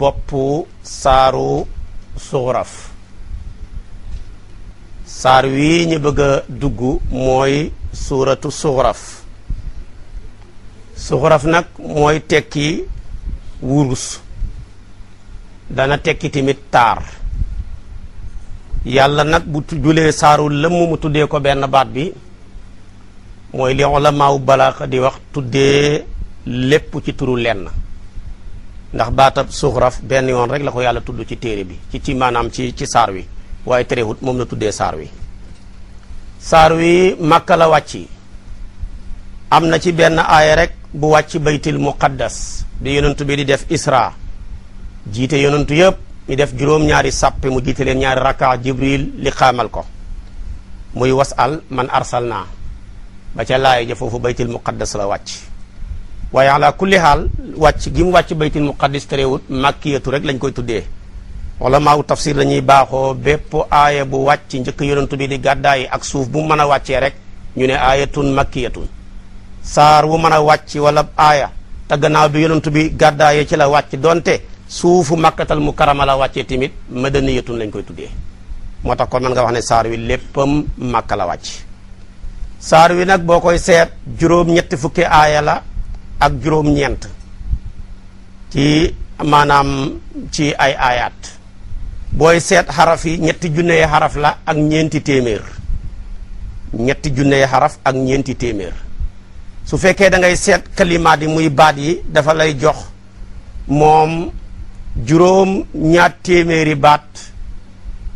bopp saaru suxuraf saar wi ñu bëgg dugg mooy suuratu suxuraf suxuraf nag mooy tekki wurus dana tekki tamit taar yàlla nag bu julee saaru lëmm mu tuddee ko benn baat bi mooy li ulamaaw balaaxa di wax tuddee lépp ci turu lenn ndax baatab suxraf benn yoon rek la ko yàlla tudd ci téere bi ci ci maanaam ci ci saar wi waaye terewut moom la tuddee saar wi saar wi màkka la wàcc am na ci benn aaya rek bu wàcc baytil muqaddas bi yonentu bi di def isra jiite yonentu yëpp ñu def juróom-ñaari sàppi mu jiite leen ñaari rakka jibril li xaamal ko muy was wasal man arsal naa ba ca laaya ja foofu baytil muqaddas la wàcc waaye ala kulli xaal wàcc gi mu wàcc baytil muqaddis terewut makkiyatu rek lañ koy tuddee wala maaw tafsir lañuy baaxoo bépp aaya bu wàcc njëkk yonentu bi di gàddaay ak suuf bu mën a wàccee rek ñu ne aayatun makkiyatun saar wu mën a wàcc wala aaya te gannaaw bi yonentu bi gàddaayee ci la wàcc donte suufu makkatal mu mukarama la wàccee tamit madaniyatun lañ koy tuddee moo tax kon mën nga wax ne saar wi léppam makka la wàcc saar wi nag boo koy seet juróom ñetti fukki aaya la ak juróom-ñeent ci maanaam ci ay aayaat booy seet xaraf yi ñetti junneye xaraf la ak ñeenti téeméer ñetti junneye xaraf ak ñeenti téeméer su fekkee da ngay seet kalimaat yi muy baat yi dafa lay jox moom juróom ñaar téeméeri baat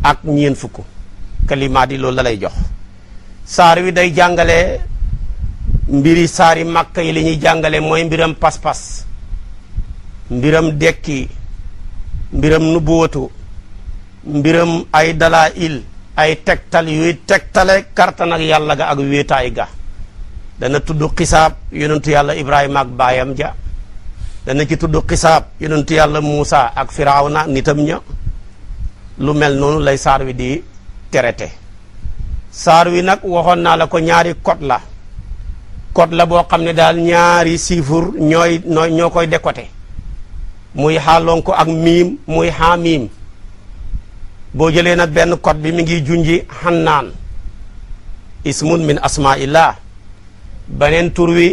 ak ñeent fukk kalimaat yi loolu la lay jox saar wi day jàngale mbiri saari màkka yi li ñuy jàngale mooy mbiram pas-pas mbiram dekki mbiram nubuwatu mbiram ay dalaa il ay tegtal yuy tegtale kartan ak yàlla ga ak wéetaay ga dana tudd xisaab yonentu yàlla ibrahima ak baayam ja dana ci tudd xisaab yonentu yàlla muusa ak firawna nitam ña lu mel noonu lay saar wi di terete saar wi nag waxoon naa la ko ñaari kot la code la boo xam ne daal ñaari chiffre ñooy ñooy ñoo koy décoté muy xaalon ko ak miim muy xaa miim boo jëlee nag benn code bi mi ngi junji xannaan ismun min asmaillah beneen tur wi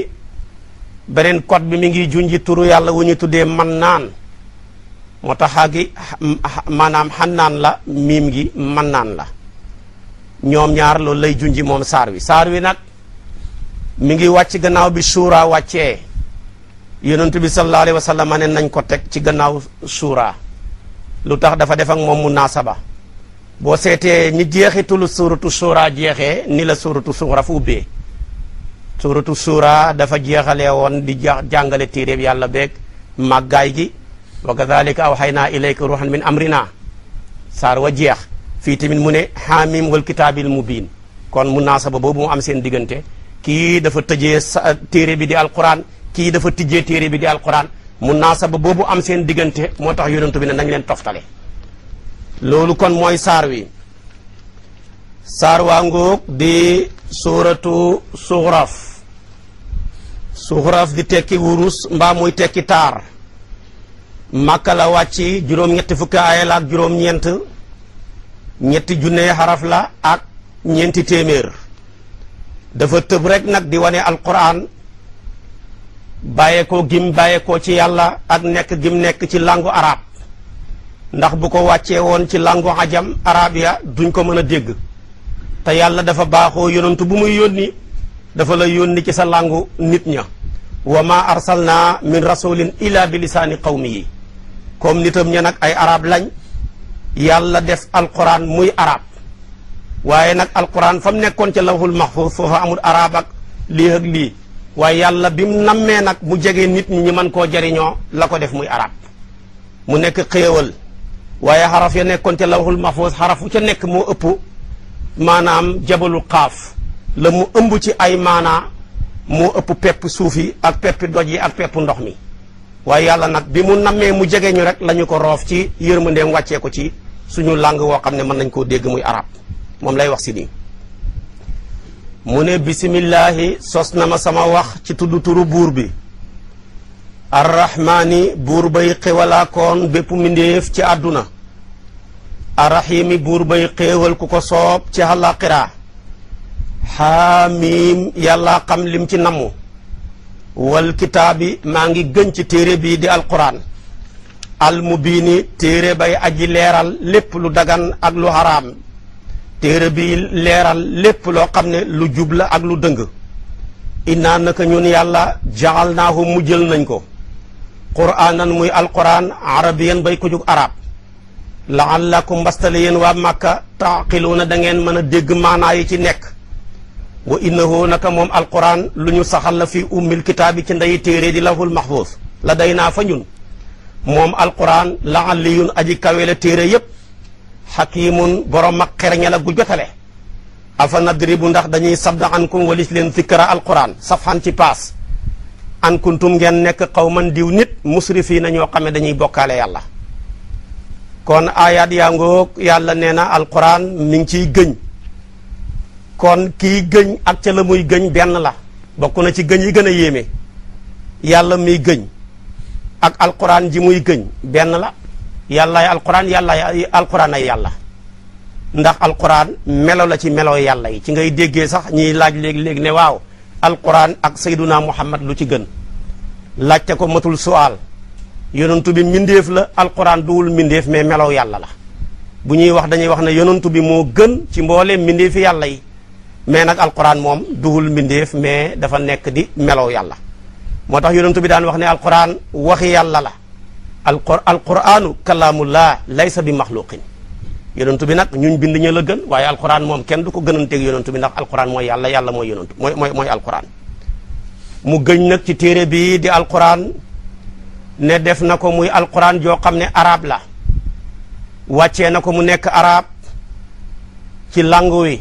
beneen code bi mi ngi junji turu yàlla wu ñu tuddee mannaan moo tax xaagi maanaam xannaan la miim gi mannaan la ñoom ñaar loolu lay junji moom saar wi saar wi nag mi ngi wàcc gannaaw bi suuraa wàccee yonent bi sallallahu alayhi ne nañ ko teg ci gannaaw suuraa lu tax dafa def ak moom munaasaba boo seetee ni jeexitulu suuratu suuraa jeexee ni la suuratu suura fu ubbee suuratu suuraa dafa jeexalee woon di jàngale téeréeb yàlla beeg màggaay gi wa kadalika awxaynaa ilayka ruuxan min amrina saar wa jeex fii tamit mu ne xaamim wal kitaabil mubiin kon munaasaba boobu mu am seen diggante kii dafa tëjee sa téere bi di alquran kii dafa tijje téere bi di alquran munaasaba boobu am seen diggante moo tax yonentu bi ne nañ leen toftale loolu kon mooy saar wi saar waa ngoog di suuratu suxraf suxraf di tekki wurus mbaa muy tekki taar màkka la wàcci juróom-ñetti fukki aaya la ak juróom-ñeent ñetti junne xaraf la ak ñeenti téeméer dafa tëb rek nag di wane alxuraan bàyyeekoo gim bàyyeekoo ci yàlla ak nekk gim nekk ci langu arab ndax bu ko wàccee woon ci langu ajam araab ya duñ ko mën a dégg te yàlla dafa baaxoo yonantu bu muy yónni dafa la yónni ci sa langu nit ña wa ma arsalna min rasulin illa bi lisaani qawmi yi comme nitam ña nag ay arab lañ yàlla def alxuraan muy arab waaye nag alquran fa mu nekkoon ca lawhul mahfuz foofa amul arab ak lii ak lii waaye yàlla bi mu nammee nag mu jege nit ñi man koo jariñoo la ko def muy arab mu nekk xéewal waaye xaraf ya nekkoon ca lawhul mahfuz xarafu ca nekk moo ëpp maanaam jabalul xaaf la mu ëmb ci ay maanaa mu ëpp pepp suuf yi ak peppi doj yi ak peppu ndox mi waaye yàlla nag bi mu nammee mu jege ñu rek lañu ko roof ci yërmandeem wàccee ko ci suñu làng woo xam ne mën nañ koo dégg muy arab moom lay wax si nii mu ne bisimillahi sos na ma sama wax ci tudd turu buur bi arrahmaani buur bay xewalaakoon bépp mindéef ci àdduna arrahimi buur bay xéewal ku ko soob ci àllaaxira xaamiim yàllaa xam lim ci namu wal kitaabi maa ngi gën ci téere bi di alquran almubiini téere bay aji leeral lépp lu dagan ak lu haraam téere bi leeral lépp loo xam ne lu jub la ak lu dëng innaa naka ñun yàlla jaxal naahu mu jël nañ ko quraanan muy alquran arabiyan bay ko jug arab laallakum mbastale yéen waa màkka mën a dégg maanaa yi ci nekk wa innahu naka moom alquran lu ñu saxal la fi ummil kitaabi ci ndeyi téere di lawhul mahfuus la day naa fa ñun moom alquran laalliyun aji kawe la téere yépp xakimun borom ak xereña la gu jotale afa nadribu ndax dañuy sabda ankum walis leen zikra alquran safxan ci paas an kuntum ngeen nekk xawman diw nit fii na ñoo xam ne dañuy bokkaale yàlla kon ayat yaa ngoog yàlla nee na alquran mi ngi ciy gëñ kon kii gëñ ak ca la muy gëñ benn la bokk na ci gëñ yi gën a yéeme yàlla muy gëñ ak alxuraan ji muy gëñ benn la yàlla alquran yàllaay alquran ay yàlla ndax alquran melo la ci melo yàlla yi ci ngay déggee sax ñiy laaj léeg léeg ne waaw alquran ak sayduna muhammad lu ci gën laajte ko matul suwaal yonentu bi mbindeef la alquran duwul mbindeef mais melow yàlla la bu ñuy wax dañuy wax ne yonentu bi moo gën ci mbooleem mbindeefi yàlla yi mais nag alquran moom duwul mbindeef mais dafa nekk di melow yàlla moo tax yonentu bi daan wax al alquran waxi yàlla la alqur alquranu kalaamullah laysa bi maxluqin yonentu bi nag ñuñ bind ña la gën waaye alquran moom kenn du ko gënanteeg yonentu bi ndax alquran mooy yàlla yàlla mooy yonentu mooy mooy mooy alquran mu gëñ nag ci téere bi di alquran ne def na ko muy alquran joo xam ne arab la wàccee na ko mu nekk arab ci lang wi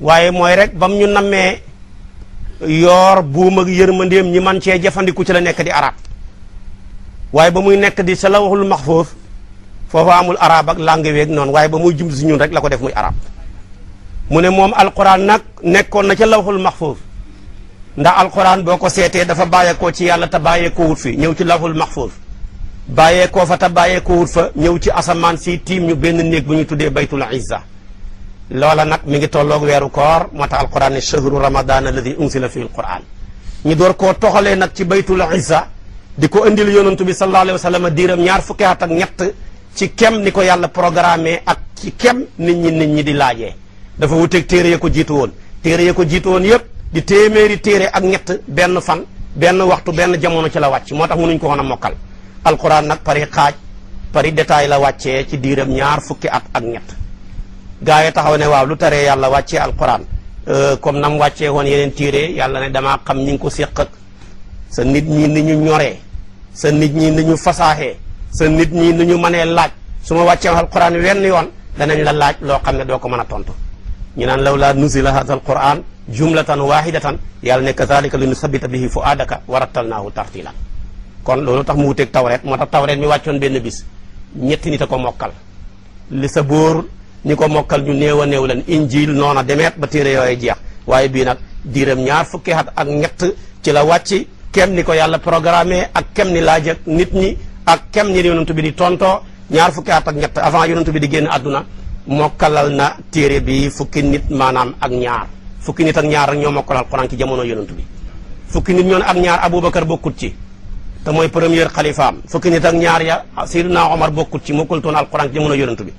waaye mooy rek bam ñu nammee yoor buum ak yërmandeem ñi man cee jëfandiku ci la nekk di arab waaye ba muy nekk di sa lawhul mahfuus foofa amul arab ak langue weeg noonu waaye ba muy jublu si ñun rek la ko def muy arab mu ne moom alquran nag nekkoon na ca lawhul mahfuus ndax alquran boo ko seetee dafa bàyyeekoo ci yàlla te bàyyeekoo wut fi ñëw ci lawhul mahfuus bàyyeekoo fa te bàyyeekoo wut fa ñëw ci asamaan si tiim ñu benn néeg bu ñu tuddee baytul izza loola nag mu ngi tolloog weeru koor moo tax alquran ne shahru ramadan alladi unsila fi alquran ñu door koo toxalee nag ci baytul izza di ko indil yonantu bi sallallahu alayhi wa sallam diiram ñaar fukki at ak ñett ci kem ni ko yàlla programme ak ci kem nit ñi nit ñi di laajee dafa wuteeg téere ya ko jiitu woon téere ya ko jiitu woon yëpp di téeméeri téere ak ñett benn fan benn waxtu benn jamono ci la wàcc moo tax mënuñ ko woon a mokkal alquran nag pari xaaj pari détail la wàccee ci diiram ñaar fukki at ak ñett gaa yi taxaw ne waaw lu taree yàlla wàccee alquran euh, comme nam wàccee woon yeneen téere yàlla ne damaa xam ñi ngi ko séq ak sa nit ñi ni ñoree sa nit ñi ni ñu fasaaxee sa nit ñi ni ñu mënee laaj su ma wàccee alquran wenn yoon danañ la laaj loo xam ne doo ko mën a tontu ñu naan law laa nuzila hada alquran jumlatan wahidatan yàlla ne kazalika li nusabita bihi fuadaka warattalnaahu tartila kon loolu tax mu wuteeg tawreet moo tax tawreet mi wàccoon benn bis ñetti nit a ko mokkal li sa boor ñu ko mokkal ñu néew a néew leen injil noona demeet ba téere yooyu jeex waaye bii nag diiram ñaar fukki at ak ñett ci la wàcc kem ni ko yàlla programme ak kem ni laaj nit ñi ak kem ni yonent bi di tontoo ñaar fukki at ak ñett avant yonent bi di génn àdduna mokkalal na téere bi fukki nit maanaam ak ñaar fukki nit ak ñaar rek ñoo ko Quran ci jamono yonent bi fukki nit ñoon ak ñaar Aboubacar bokkut ci te mooy première xalifaam fukki nit ak ñaar ya Seyduna Omar bokkut ci mokkaltoon alquran ci jamono yonent bi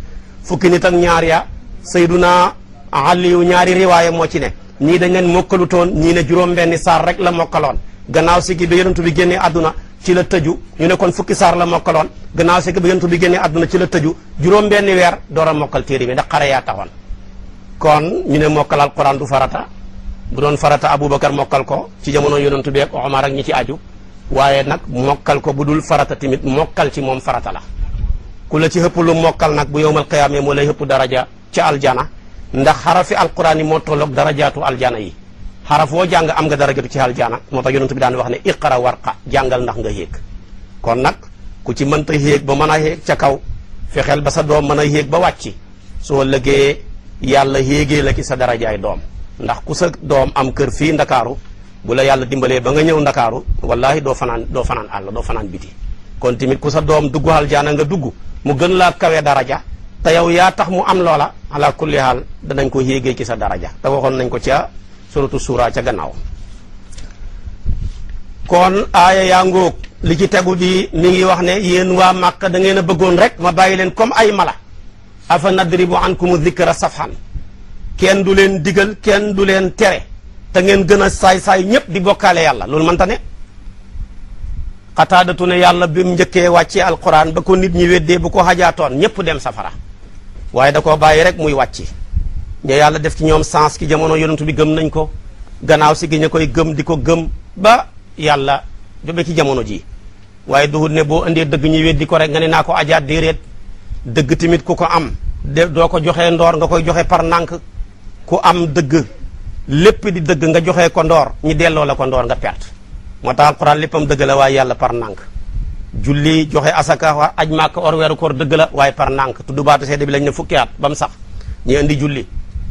fukki nit ak ñaar ya Seyduna Aliyu ñaari riwaaya moo ci ne ñii dañ leen mokkalutoon ñii ne juróom-benni saar rek la mokkaloon gannaaw si gi ba yonent bi génnee àdduna ci la tëju ñu ne kon fukki saar la mokkaloon ganaaw si gi ba yonent bi génnee àdduna ci la tëju juróom-benni weer door a mokkal téere bi ndax xare yaa taxoon kon ñu ne mokkal alquran du farata bu doon farata aboubacar mokkal ko ci jamono yonent bi ak omar ak ñi ci aju waaye nag mokkal ko bu dul farata tamit mokkal ci moom farata la ku la ci hëpp lu mokkal nag bu yowmal qiyaamee moo lay hëpp daraja ci aljana ndax xarafi alquran yi moo tolloog darajaatu aljaana yi xaraf woo jàng am nga darajatu ci aljana moo tax yonent bi daan wax ne iqra warqa jàngal ndax nga yéeg kon nag ku ci mënta yéeg ba mën a yéeg ca kaw fexeel ba sa doom mën a yéeg ba wàcc soo lëggee yàlla yéegee la ci sa darajaay doom ndax ku sa doom am kër fii ndakaaru bu la yàlla dimbalee ba nga ñëw ndakaaru wallahi doo fanaan doo fanaan àll doo fanaan biti kon tamit ku sa doom dugg aljana nga dugg mu gën laa kawe daraja te yow yaa tax mu am loola ala kulli haal danañ ko yéegee ci sa daraja te waxoon nañ ko ca suratu suura ca gannaaw kon aaya yaa ngóog li ci tegu di mi ngi wax ne yéen waa Màkka da ngeen a bëggoon rek ma bàyyi leen comme ay mala afa nadribu ankumu dikra safhan kenn du leen digal kenn du leen tere te ngeen gën a saay-saay ñëpp di bokkaale yàlla loolu mënta ne xataadatu ne yàlla bi mu njëkkee wàccee alquran ba ko nit ñi weddee bu ko xajaatoon ñëpp dem safara waaye da koo bàyyi rek muy wàcc ña yàlla def ci ñoom sens ki jamono yonentu bi gëm nañ ko gannaaw si gi ña koy gëm di ko gëm ba yàlla jobe ci jamono ji waaye duhut ne boo indee dëgg ñu weddi ko rek nga ne naa ko ajaat déeréet dëgg tamit ku ko am de doo ko joxee ndoor nga koy joxe par nànk ku am dëgg lépp di dëgg nga joxee ko ndoor ñi delloo la ko ndoor nga perte moo tax alxuraan léppam dëgg la waaye yàlla par nànk julli joxe asaka wa aj màkk or weeru koor dëgg la waaye par nànk tudd baatu seede bi lañ ne fukki at ba mu sax ñi indi julli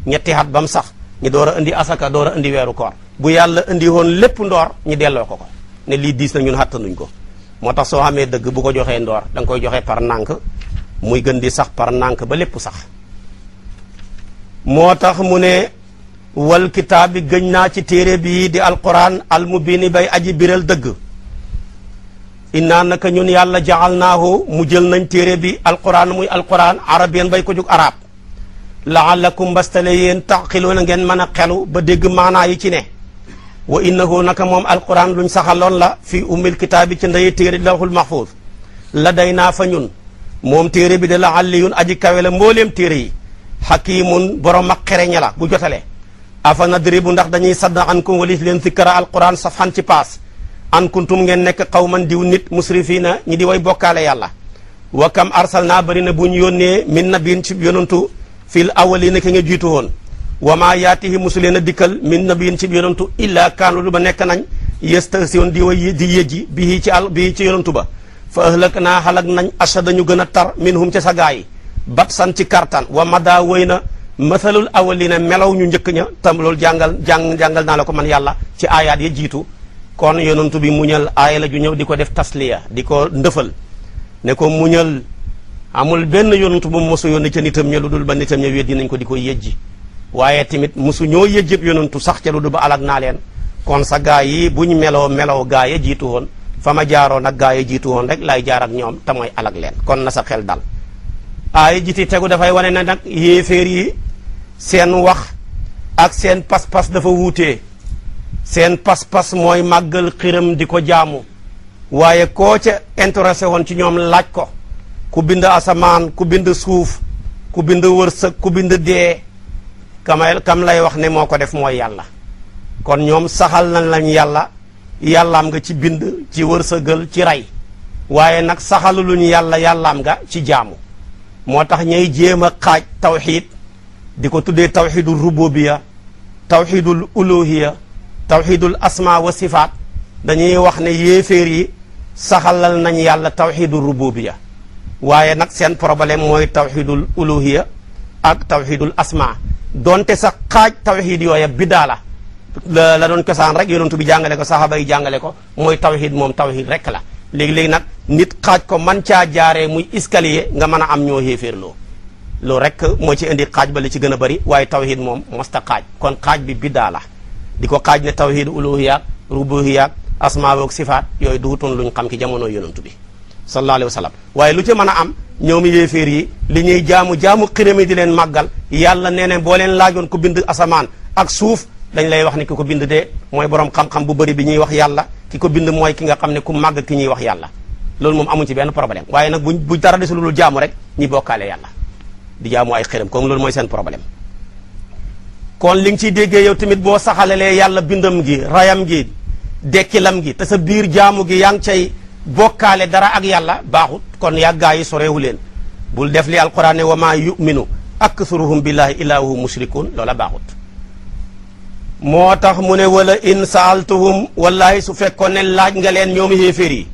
ñetti at ba mu sax ñi door a indi asaka door a indi weeru koor bu yàlla indi woon lépp ndoor ñi delloo ko ko ne lii diis na ñun nuñ ko moo tax soo amee dëgg bu ko joxee ndoor da nga koy joxe par nànk muy gën di sax par nànk ba lépp sax moo tax mu ne wal kitaab bi gëñ naa ci téere bii di alquran al mubini bay aji biral dëgg innaa naka ñun yàlla ja'alnaahu mu jël nañ téere bi alquran muy alquran arabiyan bay ko jug arab la'allakum mbastale yéen taqiluuna ngeen mën a xelu ba dégg maanaa yi ci ne wa innahu naka moom alquran luñ saxaloon la fii ummil kitaabi ci ndey téere lawhul mahfuuz la day naa fa ñun moom téere bi da la alliyun aji kawe mbooleem téere yi hakiimun borom ak xereñe la bu jotale afa nadribu ndax dañuy sadda ankum walis leen sikkara alquran safxan ci paas an kuntum ngeen nekk xawman diw nit musrifiina ñi di way bokkaale yàlla wa kam arsalna bari na bu ñu yónnee min na biin ci yonantu fil na ki nga jiitu woon wa maa yaatihi musuleen a dikkal min nabiin ci yonantu illaa kaanu ba nekk nañ yestasiyon di way di yëjji bii ci àll bii ci yonantu ba fa ahlak naa xalak nañ ashada dañu gën a tar minhum ca sa gaa bat san ci kartan wa madaa wëy na mathalul awwaliina melaw ñu njëkk ña tam loolu jàngal jàng jàngal naa la ko man yàlla ci aayaat ya jiitu kon yonantu bi muñal aaya la ju ñëw di ko def tasliya di ko ndëfal ne ko muñël amul benn yonantu bu mosu yónni ca nitam ña lu dul ba nitam ña weddi nañ ko di ko yëjji waaye tamit mosu ñoo yëjjëb yonantu sax ca lu dul ba alag naa leen kon sa gaa yi buñ meloo meloo gaa ya jiitu woon fa ma jaaroon ak gaa ya jiitu woon rek laay jaar ñoom te alag leen kon na sa xel dal aaya jiti tegu dafay wane ne nag yéeféer yi seen wax ak seen pas-pas dafa wuutee seen pas-pas mooy màggal xiram di ko jaamu waaye koo ca intéressé woon ci ñoom laaj ko ku bind asamaan ku bind suuf ku bind wërsëg ku bind dee kamay kam lay wax ne moo ko def mooy yàlla kon ñoom saxal nañ lañ yàlla yàllaam nga ci bind ci wërsëgal ci ray waaye nag saxaluñu yàlla yàllaam nga ci jaamu moo tax ñay jéem a xaaj tawxiit di ko tuddee tawxiidul rububiya tawxiidul uluhiya tawxidul asma wa sifaat dañuy wax ne yéeféer yi saxalal nañ yàlla tawxidul rububiya waaye nag seen problème mooy tawxidul uluhiya ak tawxidul asma donte sax kaaj tawxid yooya bidaa la la la doon cosaan rek yonentu bi jàngale ko saxaaba yi jàngale ko mooy tawxid moom tawxid rek la léegi-léegi nag nit xaaj ko man caa jaaree muy escalier nga mën a am ñoo xéeféerloo loolu rek moo ci indi xaaj ba la ci gën a bari waaye tawxid moom mosta xaaj kon xaaj bi biddaa la di ko xaaj ne tawhid uluhiyaak rubuhiyaak asmaa woog sifaat yooyu duutoon luñ xam ki jamono yonantu bi sallallahu alayhi wa waaye lu ci mën a am ñoom yéeféer yi li ñuy jaamu jaamu xirami di leen màggal yàlla nee ne boo leen laajoon ko bind asamaan ak suuf dañ lay wax ne ki ko bind de mooy borom xam-xam bu bari bi ñuy wax yàlla ki ko bind mooy ki nga xam ne ku màgg ki ñuy wax yàlla loolu moom amuñ ci benn problème waaye nag bu bu dara desul lu jaamu rek ñi bokkaale yàlla di jaamu ay xërëm comme loolu mooy seen kon li nga ciy déggee yow tamit boo saxalalee yàlla bindam gi rayam gi dekkilam gi te sa biir jaamu gi yaa cay bokkaale dara ak yàlla baaxut kon yaa gaa leen bul def li alquran ne wa maa yuminu aktharuhum billahi illaa hum loola baaxut moo tax mu ne wala in saaltuhum wallahi su fekkoon ne laaj nga leen ñoom yéeféer yi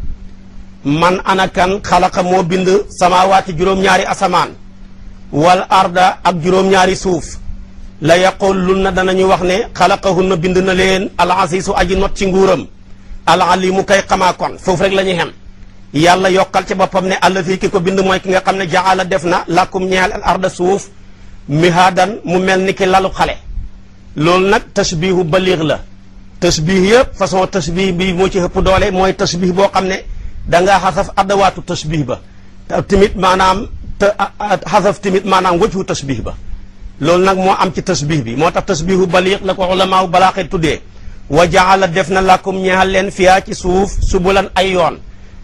man anakan xalaqa moo bind samaawaati juróom-ñaari asamaan wal arda ak juróom-ñaari suuf la dana danañu wax ne na bind na leen al asiisu aji not ci nguuram al alimu kay xamaa kon foofu rek la ñuy xem yàlla yokkal ci boppam ne allazi ki ko bind mooy ki nga xam ne jaala def na lakum ñeel al arda suuf mihaadan mu mel ni ki lalu xale loolu nag tashbiihu baliix la tashbiih yëpp façon tashbiih bi moo ci ëpp doole mooy tashbiih boo xam ne dangaa xasaf adawaatu tashbiih ba tamit maanaam xasaf tamit maanaam wëccu tashbiih ba loolu nag moo am ci tasbih bi moo tax tasbihu baliix la ko ulamaaw balaaxe tuddee wa jaala def na làkkum ñeexal leen fiyaa ci suuf lan ay yoon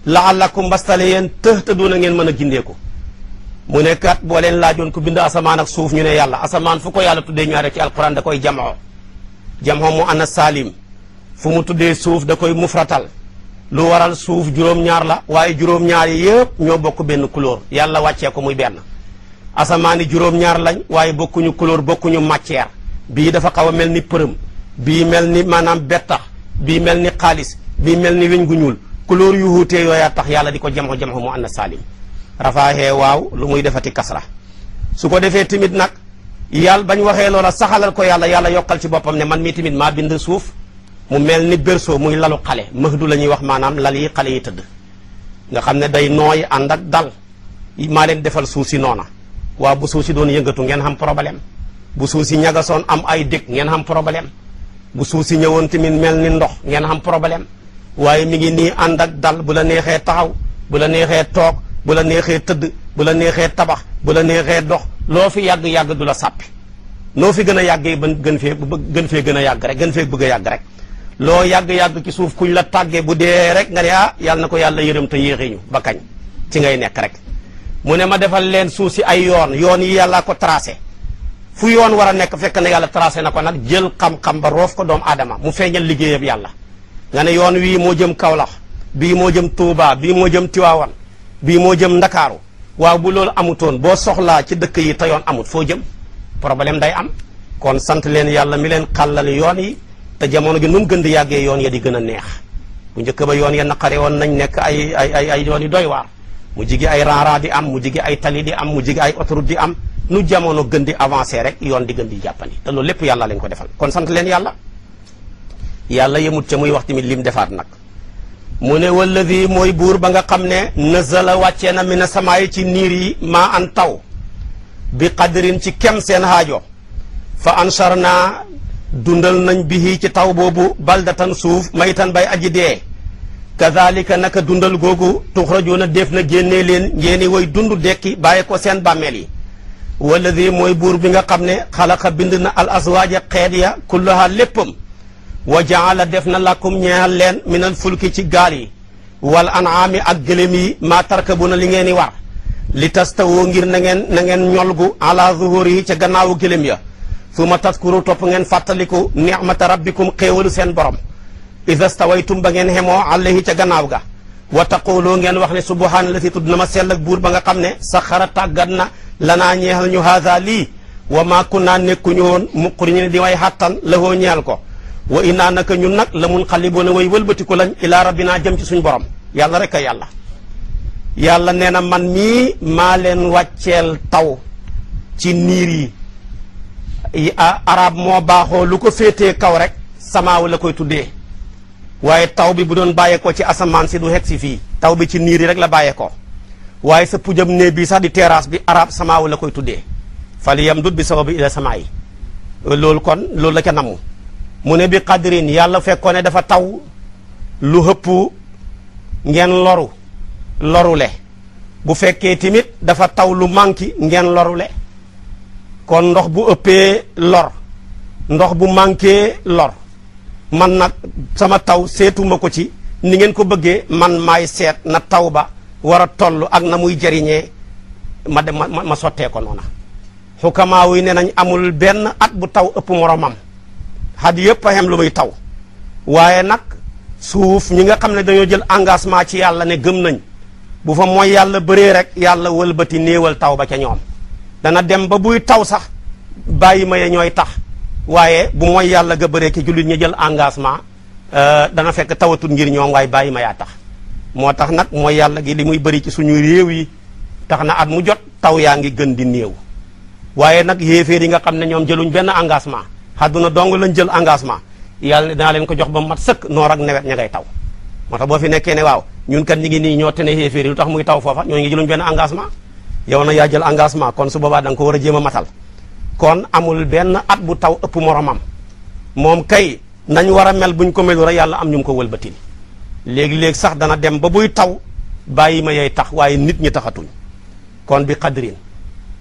laalakum mbastale yéen tëx te duna ngeen mën a gindeeku mu ne kat boo leen laajoon ku bind asamaan ak suuf ñu ne yàlla asamaan fu ko yàlla tuddee ñaare ci alquran da koy jamoo jamoo mu ana salim fu mu tuddee suuf da koy mufratal lu waral suuf juróom-ñaar la waaye juróom ñaari yi bokk benn couleur yàlla wàccee ko muy benn asamaani juróom-ñaar lañ waaye bokkuñu couleur bokkuñu matière bii dafa xaw a mel ni përëm bii mel ni maanaam bettax bii mel ni xaalis bii mel ni weñ gu ñuul couleur yu wuutee tax yàlla di ko jamxo jamxo mu anna saalim rafaaxee waaw lu muy defati kasra su ko defee tamit nag yàlla bañ waxee loola saxalal ko yàlla yàlla yokkal ci boppam ne man mii tamit maa bind suuf mu mel ni berceau muy lalu xale mahdu la ñuy wax maanaam lal yi xale yi tëdd nga xam ne day nooy ànd ak dal maa leen defal suuf si noona waa bu suuf si doon yëngatu ngeen xam problème bu suuf si ñagasoon am ay dëkk ngeen xam problème bu suuf si ñëwoon tamit mel ni ndox ngeen xam problème waaye mi ngi nii ànd ak dal bu la neexee taxaw bu la neexee toog bu la neexee tëdd bu la neexee tabax bu la neexee dox loo fi yàgg-yàgg du la sàppi noo fi gën a yàggee ba gën fee gën fee gën a yàgg rek gën fee bëgg yàgg rek loo yàgg-yàgg ci suuf kuñ la tàggee bu dee rek nga ne ah yàlla na ko yàlla yërëm te yéexee ñu ba kañ ci ngay nekk rek mu ne ma defal leen suuf si ay yoon yoon yi yàllaa ko tracé fu yoon war a nekk fekk na yàlla tracé na ko nag jël xam-xam ba roof ko doomu aadama mu feeñal liggéeyam yàlla nga ne yoon wii moo jëm Kaolack bii moo jëm Touba bii moo jëm Tiwaawan bii moo jëm Ndakaaru waaw bu loolu amutoon boo soxlaa ci dëkk yi te yoon amut foo jëm problème day am kon sant leen yàlla mi leen xàllal yoon yi te jamono gi nu gën di yàggee yoon ya di gën a neex bu njëkk ba yoon ya naqare woon nañ nekk ay ay yoon yu doy mu jigi ay raaraa di am mu jigi ay tali di am mu jigi ay autoroute di am nu jamono gën di avancé rek yoon di gën di jàppandi te loolu lépp yàlla lañ ko defal kon sant leen yàlla yàlla yemut ca muy wax tamit lim defaat nag mu ne walladi mooy buur ba nga xam ne nazala wàccee na mina samaay ci niir yi maa an taw bi qadrin ci kem seen haajo fa ansharna dundal nañ bihi ci taw boobu baldatan suuf maytan bay aji dee kazalika naka dundal googu tuxrajuuna def na génnee leen ngeeni way dund dekki bàyyi ko seen bàmmeel yi walladi mooy buur bi nga xam ne xalaqa bind na al aswaaja xeet ya kullaha léppam wa jaala def na làkkum ñeexal leen minal fulki ci gaal yi wal anaami ak gëlëm yi maa tarkabuna li ngeen i war li tas tastawoo ngir na ngeen na ngeen ñolgu ala zuhuri yi ca gannaawu gëlëm ya fu ma taskuru topp ngeen fàttaliku nicmata rabbikum xéewalu seen borom ida stawaytum ba ngeen xemoo alayhi ca gannaaw ga wa taqulu ngeen wax ne subhaana la si tudd na ma sell ak buur ba nga xam ne saxara tàggat na lanaa ñeexal ñu haasa lii wa maa kunnaa nekkuñu woon muqrinin di way xàttan lahoo ñeel ko wa innaa ñun nag la mun xaliboona way wëlbatiku lañ ilaa rabbinaa jëm ci suñu borom yàlla rek a yàlla yàlla nee na man mii maa leen wàcceel taw ci niir yi arab moo baaxoo lu ko féetee kaw rek samaaw la koy tuddee waaye taw bi bu doon bàyyeekoo ci asamaan si du xeg si fii taw bi ci niir yi rek la bàyyeekoo waaye sa pujam ne bii sax di terrasse bi arab samaaw la koy tuddee fali yam dut bi sababu ila samaa yi loolu kon loolu la ca namu mu ne bi qadrin yàlla fekkoon ne dafa taw lu hëpp ngeen loru lorule bu fekkee tamit dafa taw lu manqué ngeen lorule kon ndox bu ëppee lor ndox bu manqué lor man nag sama taw seetuma ko ci ni ngeen ko bëggee man may seet na taw ba war a toll ak na muy jariñee ma dem ma ma sottee ko noona xukamaaw yi nañ amul benn at bu taw ëpp moromam xat yëpp a xem lu muy taw waaye nag suuf ñi nga xam ne dañoo jël engagement ci yàlla ne gëm nañ bu fa mooy yàlla bëree rek yàlla wëlbati néewal taw ba ca ñoom dana dem ba buy taw sax bàyyi ma ye ñooy tax waaye bu mooy yàlla ga bëree ci jullit ñi jël engagement euh, dana fekk tawatul ngir ñoom waaye bàyyi ma yaa tax moo tax nag mooy yàlla gi li muy bëri ci suñu réew yi tax na at mu jot taw yaa ngi gën di néew waaye nag yéeféer yi nga xam ne ñoom jëluñ benn engagement àdduna dong lañ jël engagement yàlla dinaa leen ko jox ba mat sëkk noor ak nawet ña ngay taw moo tax boo fi nekkee ne waaw ñun kat ñi ngi nii ñoo tene yéeféer yi lu tax muy taw foofa ñoo ngi jëluñ benn engagement yow na yaa jël engagement kon su boobaa da ko war a jéem a matal kon amul benn at bu taw ëpp moromam moom kay nañ war a mel buñ ko melu rek yàlla am ñu ko wëlbatil léegi léeg sax dana dem ba buy taw bàyyi ma yey tax waaye nit ñi taxatuñ kon bi xadrin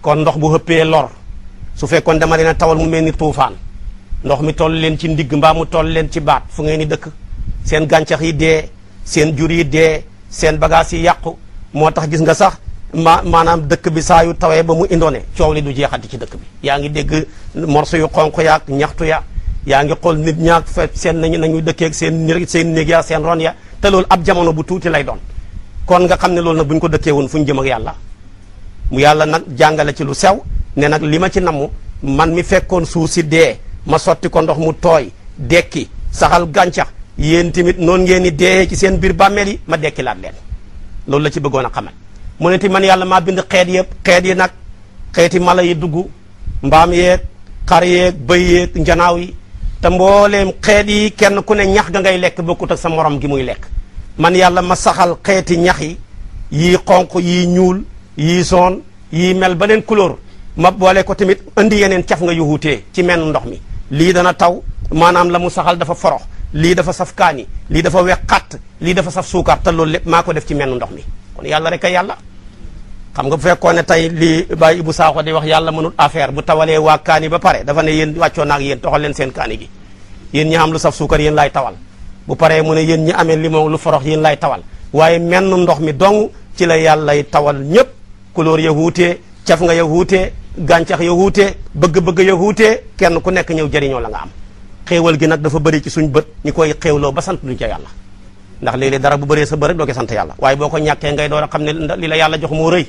kon ndox bu xëppee lor su fekkoon dama leen a tawal mu mel ni tuufaan ndox mi toll leen ci ndigg mbaa mu toll leen ci baat fu ngeen ni dëkk seen gàncax yi dee seen jur yi dee seen bagage yi yàqu moo tax gis nga sax ma maanaam dëkk bi saa yu tawee ba mu indoone coow li du jeexati ci dëkk bi yaa ngi dégg morso yu xonq yaak ñaxtu yaa yaa ngi xool nit ñaag fa seen nañu nañu dëkkeeg seen seen néeg seen ron ya te loolu ab jamono bu tuuti lay doon kon nga xam ne loolu nag bu ñu ko dëkkee woon fu ñu jëm ak mu yàlla nag jàngale ci lu sew ne nag li ma ci namu man mi fekkoon suuf si dee ma sotti ko ndox mu tooy dekki saxal gàncax yéen tamit noonu ngeen di dee ci seen biir bàmmeel yi ma dekkilaat leen loolu la ci bëggoon a xamal mu ne ti man yàlla maa bind xeet yëpp xeet yi nag xeeti mala yi dugg mbaam yeeg xar yeeg bëy yeeg njanaaw yi te mbooleem xeet yi kenn ku ne ñax ga ngay lekk bokkut ak sa morom gi muy lekk man yàlla ma saxal xeeti ñax yi yii xonq yii ñuul yi zone yii mel beneen couleur ma boole ko tamit indi yeneen caf nga yu ci menn ndox mi lii dana taw maanaam la mu saxal dafa forox lii dafa saf kaani lii dafa wex xatt lii dafa saf suukar te loolu lépp maa ko def ci menn ndox mi kon yàlla rek yàlla xam nga bu fekkoon ne tey lii Baye Ibou Sakho di wax yàlla mënut affaire bu tawalee waa kaani ba pare dafa ne yéen wàccoo naak yéen toxal leen seen kaani gi yéen ñi am lu saf suukar yéen laay tawal bu paree mu ne yéen ñi amee limon lu forox yéen lay tawal waaye menn ndox mi dong ci la yàllay tawal ñëpp couleur ya wuutee caf nga ya wuutee gàncax ya wuutee bëgg-bëgg ya wuutee kenn ku nekk ñëw jëriñoo la nga am xéewal gi nag dafa bëri ci suñ bët ñu koy xéewloo ba sant duñ ca yàlla ndax léeg dara bu bëree sa bërëb doo ko sant yàlla waaye boo ko ñàkkee ngay door a xam ne li la yàlla jox moo rëy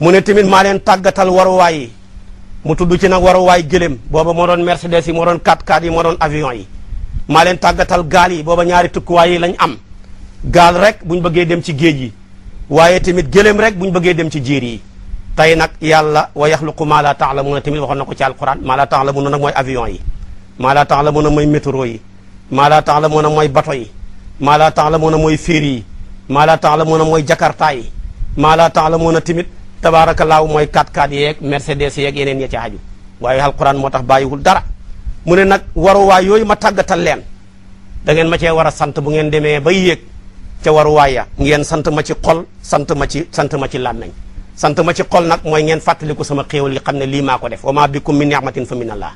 mu ne tamit maa leen tàggatal waruwaay yi mu tudd ci nag waruwaay gëléem booba moo doon Mercedes yi moo doon 4x4 yi moo avion yi maa leen tàggatal gaal yi booba ñaari tukkuwaay yi lañ am gaal rek buñ bëggee dem ci géej yi waaye tamit gëléem rek buñ bëggee dem ci jiir yi tey nag yàlla wa yaxluqu maa laa ta'lamuuna tamit waxoon na ko ci alquran maa laa ta'lamuuna nag mooy avion yi maa laa ta'lamuuna mooy métro yi maa laa ta'lamuuna mooy bato yi maa laa ta'lamuuna mooy féer yi maa laa ta'lamuuna mooy jakarta yi maa laa ta'lamuuna tamit tabaarakallaahu mooy 4x4 yeeg mercedes yeeg yeneen ya ci aju waaye alquran moo tax bàyyiwul dara mu ne nag waruwaay yooyu ma tàggatal leen da ngeen ma cee war a sant bu ngeen demee ba yéeg ca waruwaay ya ngeen sant ma ci xol sant ma ci sant ma ci làmmeñ sant ma ci xol nag mooy ngeen fàttaliku sama xéewal yi xam ne lii maa ko def wa maa bikum min ni'matin fa min Allah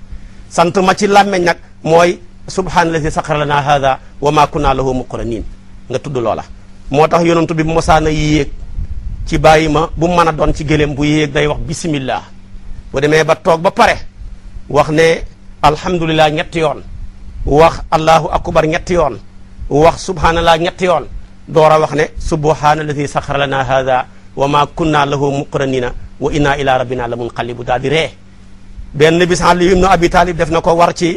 sant ma ci làmmeñ nag mooy subhaanallazi saxara lanaa haada wa maa kunnaa lahu muqrinin nga tudd loola moo tax yonantu bi mosaan a yéeg ci bàyyi ma bu mën a doon ci gëléem bu yéeg day wax bismillah bu demee ba toog ba pare wax ne alhamdulillah ñetti yoon wax allahu akbar ñetti yoon wax subhaanallah ñetti yoon door wax ne subhaanallazi saxara lanaa haada wa maa kunnaa lahu muqranina wa inna ila rabbina la munqalibu daal di ree benn bis Ali ibnu Abi Talib def na ko war ci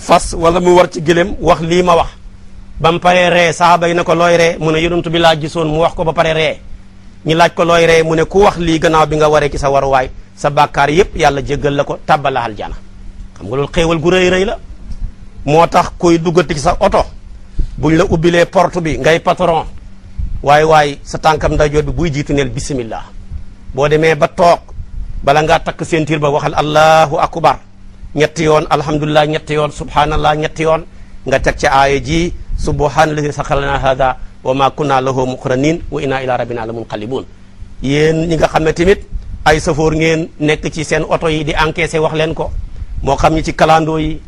fas wala mu war ci gëléem wax lii ma wax ba mu paree ree saaba yi na ko looy ree mu ne yonentu bi laa gisoon mu wax ko ba pare ree ñi laaj ko looy ree mu ne ku wax lii gannaaw bi nga waree ci sa waruwaay sa bàkkaar yépp yàlla jéggal la ko tàbbal la aljana xam nga loolu xéewal gu rëy rëy la moo tax kuy duggati sa oto buñ la ubbilee porte bi ngay patron waaye waaye sa tànkam ndeyjoor bi buy jiitu neel bismillah boo demee ba toog bala ngaa takk ceinture ba waxal allahu akbar ñetti yoon alhamdulilah ñetti yoon subhanallah ñetti yoon nga teg ci aaya ji subhaana lazi saxara lana hada wa ma kunna lahu muqrinin wa inna ila rabbina la munqalibun yéen ñi nga xam ne tamit ay safoor ngeen nekk ci seen oto yi di encaissé wax leen ko moo xam ñi ci kalandoo yi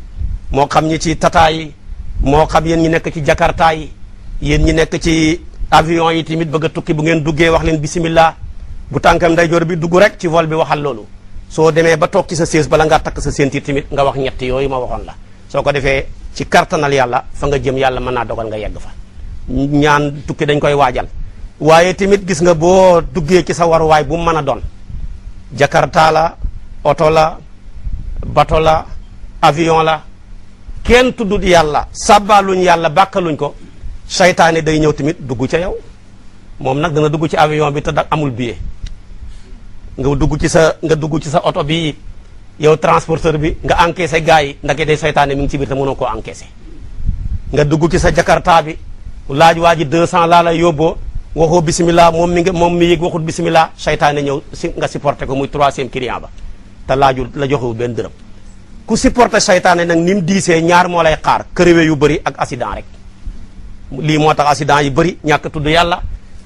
moo xam ñi ci tata yi moo xam yéen ñi nekk ci jakarta yi yéen ñi nekk ci avion yi tamit bëgg a tukki bu ngeen duggee wax leen bismillah bu tànkam ndeyjoor bi dugg rek ci vol bi waxal loolu soo demee ba toog ci sa sées bala nga takk sa séentir tamit nga wax ñett yooyu ma waxoon la soo ko defee ci kartanal yàlla fa nga jëm yàlla mën naa dogal nga yegg fa ñaan tukki dañ koy waajal waaye tamit gis nga boo duggee ci sa waruwaay bu mu mën a doon jakarta la oto la bato la avion la kenn tuddut yàlla sàbbaaluñ yàlla bàkkaluñ ko saytaane day ñëw tamit dugg ca yow moom nag dana dugg ci avion bi te da amul billet nga dugg ci sa nga dugg ci sa oto bi yow transporteur bi nga encaissé gars yi ndakete seytaane mi ngi ci biir te mënoo koo encaissé nga dugg ci sa jakarta bi laaj waa ji 200 laa la yóbboo waxoo bisimilah moom mi nga moom mi yëg waxut bisimilah seytaane ñëw si nga supporté ko muy troisième client ba te laajul la joxewu ben dërëm ku supporté seytaane nag ni mu diisee ñaar moo lay xaar këriwe yu bëri ak accident rek lii moo tax accident yi bëri ñàkk tudd yàlla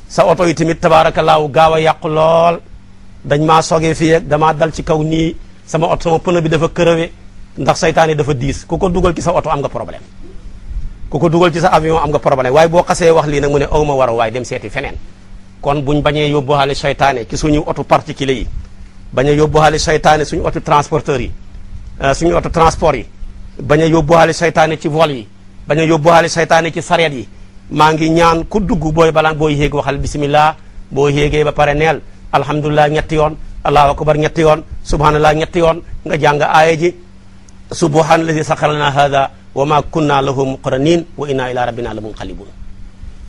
sa oto yi tamit tabaarakallaahu gaaw a yàqu lool dañ maa sogee fii ak damaa dal ci kaw nii sama oto sama pneu bi dafa crevé ndax seytaane dafa diis ku ko dugal ci sa oto am nga problème ku ko dugal ci sa avion am nga problème waaye boo xasee wax lii nag mu ne aw ma war a waaye dem seeti feneen kon buñ bañee yóbbuwaale seytaane ci suñu oto particulier yi bañ a yóbbuwaale seytaane suñu oto transporteur yi euh, suñu oto transport yi bañ a yóbbuwaale seytaane ci vol yi bañ a yóbbuwaale seytaane ci sareet yi maa ngi ñaan ku dugg booy balaa booy yéeg waxal bismillah boo yéegee ba pare neel alhamdulilah ñetti yoon allahu akbar ñetti yoon subhanallah ñetti yoon nga jàng aaya ji subhanalladi saxarana hada wa ma kunna lahu muqranin wa inna ila rabbina la munqalibun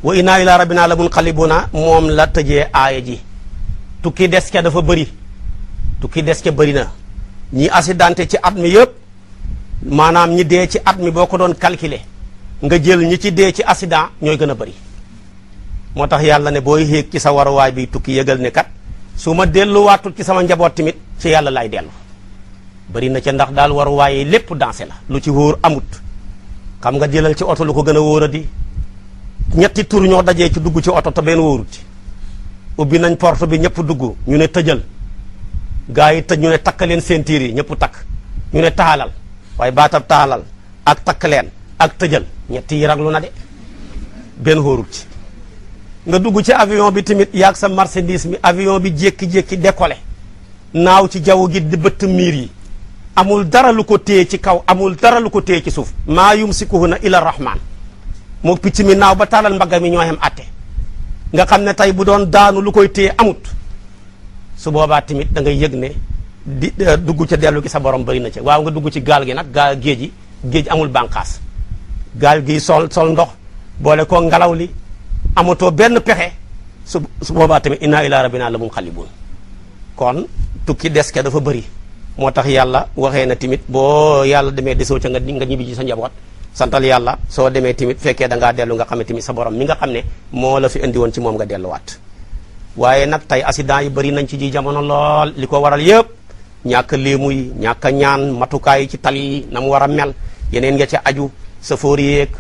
wa inna ila rabbina la munqalibuna moom la tëjee aaya ji tukki des ke dafa bëri tukki des ke bëri na ñi accidenté ci at mi yëpp maanaam ñi dee ci at mi boo ko doon calculer nga jël ñi ci dee ci accident ñooy gën a bëri moo tax yàlla ne booy yéeg ci sa waruwaay bi tukki yëgal ne kat su ma delluwaatul ci sama njaboot tamit ci yàlla laay dellu bari na ca ndax daal waru waaye lépp dansé la lu ci wóor amut xam nga jëlal ci oto lu ko gën a wóor a di ñetti tur ñoo dajee ci dugg ci oto ta benn wóorut ci ubbi nañ porte bi ñëpp dugg ñu ne tëjal gaa yi tëj ñu ne takk leen seen tiir yi ñëpp takk ñu ne taalal waaye baatab taalal ak takk ak tëjal ñetti yi raglu na de benn wóorut ci nga dugg ci avion bi tamit yaag sa marchandise mi avion bi jékki-jékki décollé naaw ci jaww gi di bëtt miir yi amul dara lu ko téye ci kaw amul dara lu ko téye ci suuf maa yumsikuhunna illa rahman moo picc mi naaw ba taalal mbagga mi ñoo yem atte nga xam ne tey bu doon daanu lu koy téye amut su boobaa tamit da ngay yëg ne di eh, dugg ca dellu gi sa borom bëri na ca waaw nga dugg ci gaal gi nag gaal géej géej amul bànqaas gaal gi sol sol ndox boole koo ngelaw li amatoo benn pexe su su boobaa tamit inna ila rabbina la munqalibun kon tukki des ke dafa bëri moo tax yàlla waxee na tamit boo yàlla demee desoo ca nga nga ñibbi ci sa njaboot santal yàlla soo demee tamit fekkee da ngaa dellu nga xam ne sa borom mi nga xam ne moo la fi indi woon moom nga delluwaat waaye nag tey accident yi bëri nañ ci ji jamono lool li ko waral yëpp ñàkk léemu yi ñàkk ñaan matukaay ci tali yi na mu war a mel yeneen nga ca aju sa fóori yeeg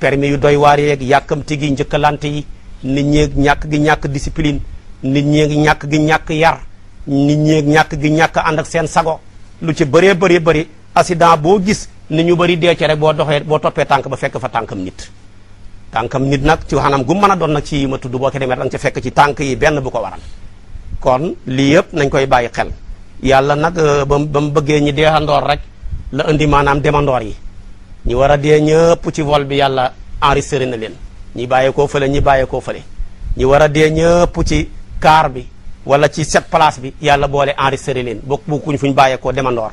permis yu doy waar yeeg yàkkamti gi njëkkalante yi nit ñeeg ñàkk gi ñàkk discipline nit ñeeg ñàkk gi ñàkk yar nit ñeeg ñàkk gi ñàkk ànd ak seen sago lu ci bëree bëri bëri accident boo gis ni ñu bëri dee cere boo doxee boo toppee tànk bu fekk fa tànkam nit tànkam nit nag ci xanam gu mën a doon nag ci yi ma tudd boo ko demee danga ci fekk ci tànk yi benn bu ko waral kon lii yëpp nañ koy bàyyi xel yàlla nag eh, ba mu bëggee ñi deexandoor rek la indi maanaam demandoor yi ñi war a dee ñëpp ci vol bi yàlla enregistré na leen ñi bàyyeekoo fële ñi bàyyeekoo fële ñi war a dee ñëpp ci car bi wala ci set place bi yàlla boole enregistré leen bokk bokkuñ fuñ bàyyeekoo demandoor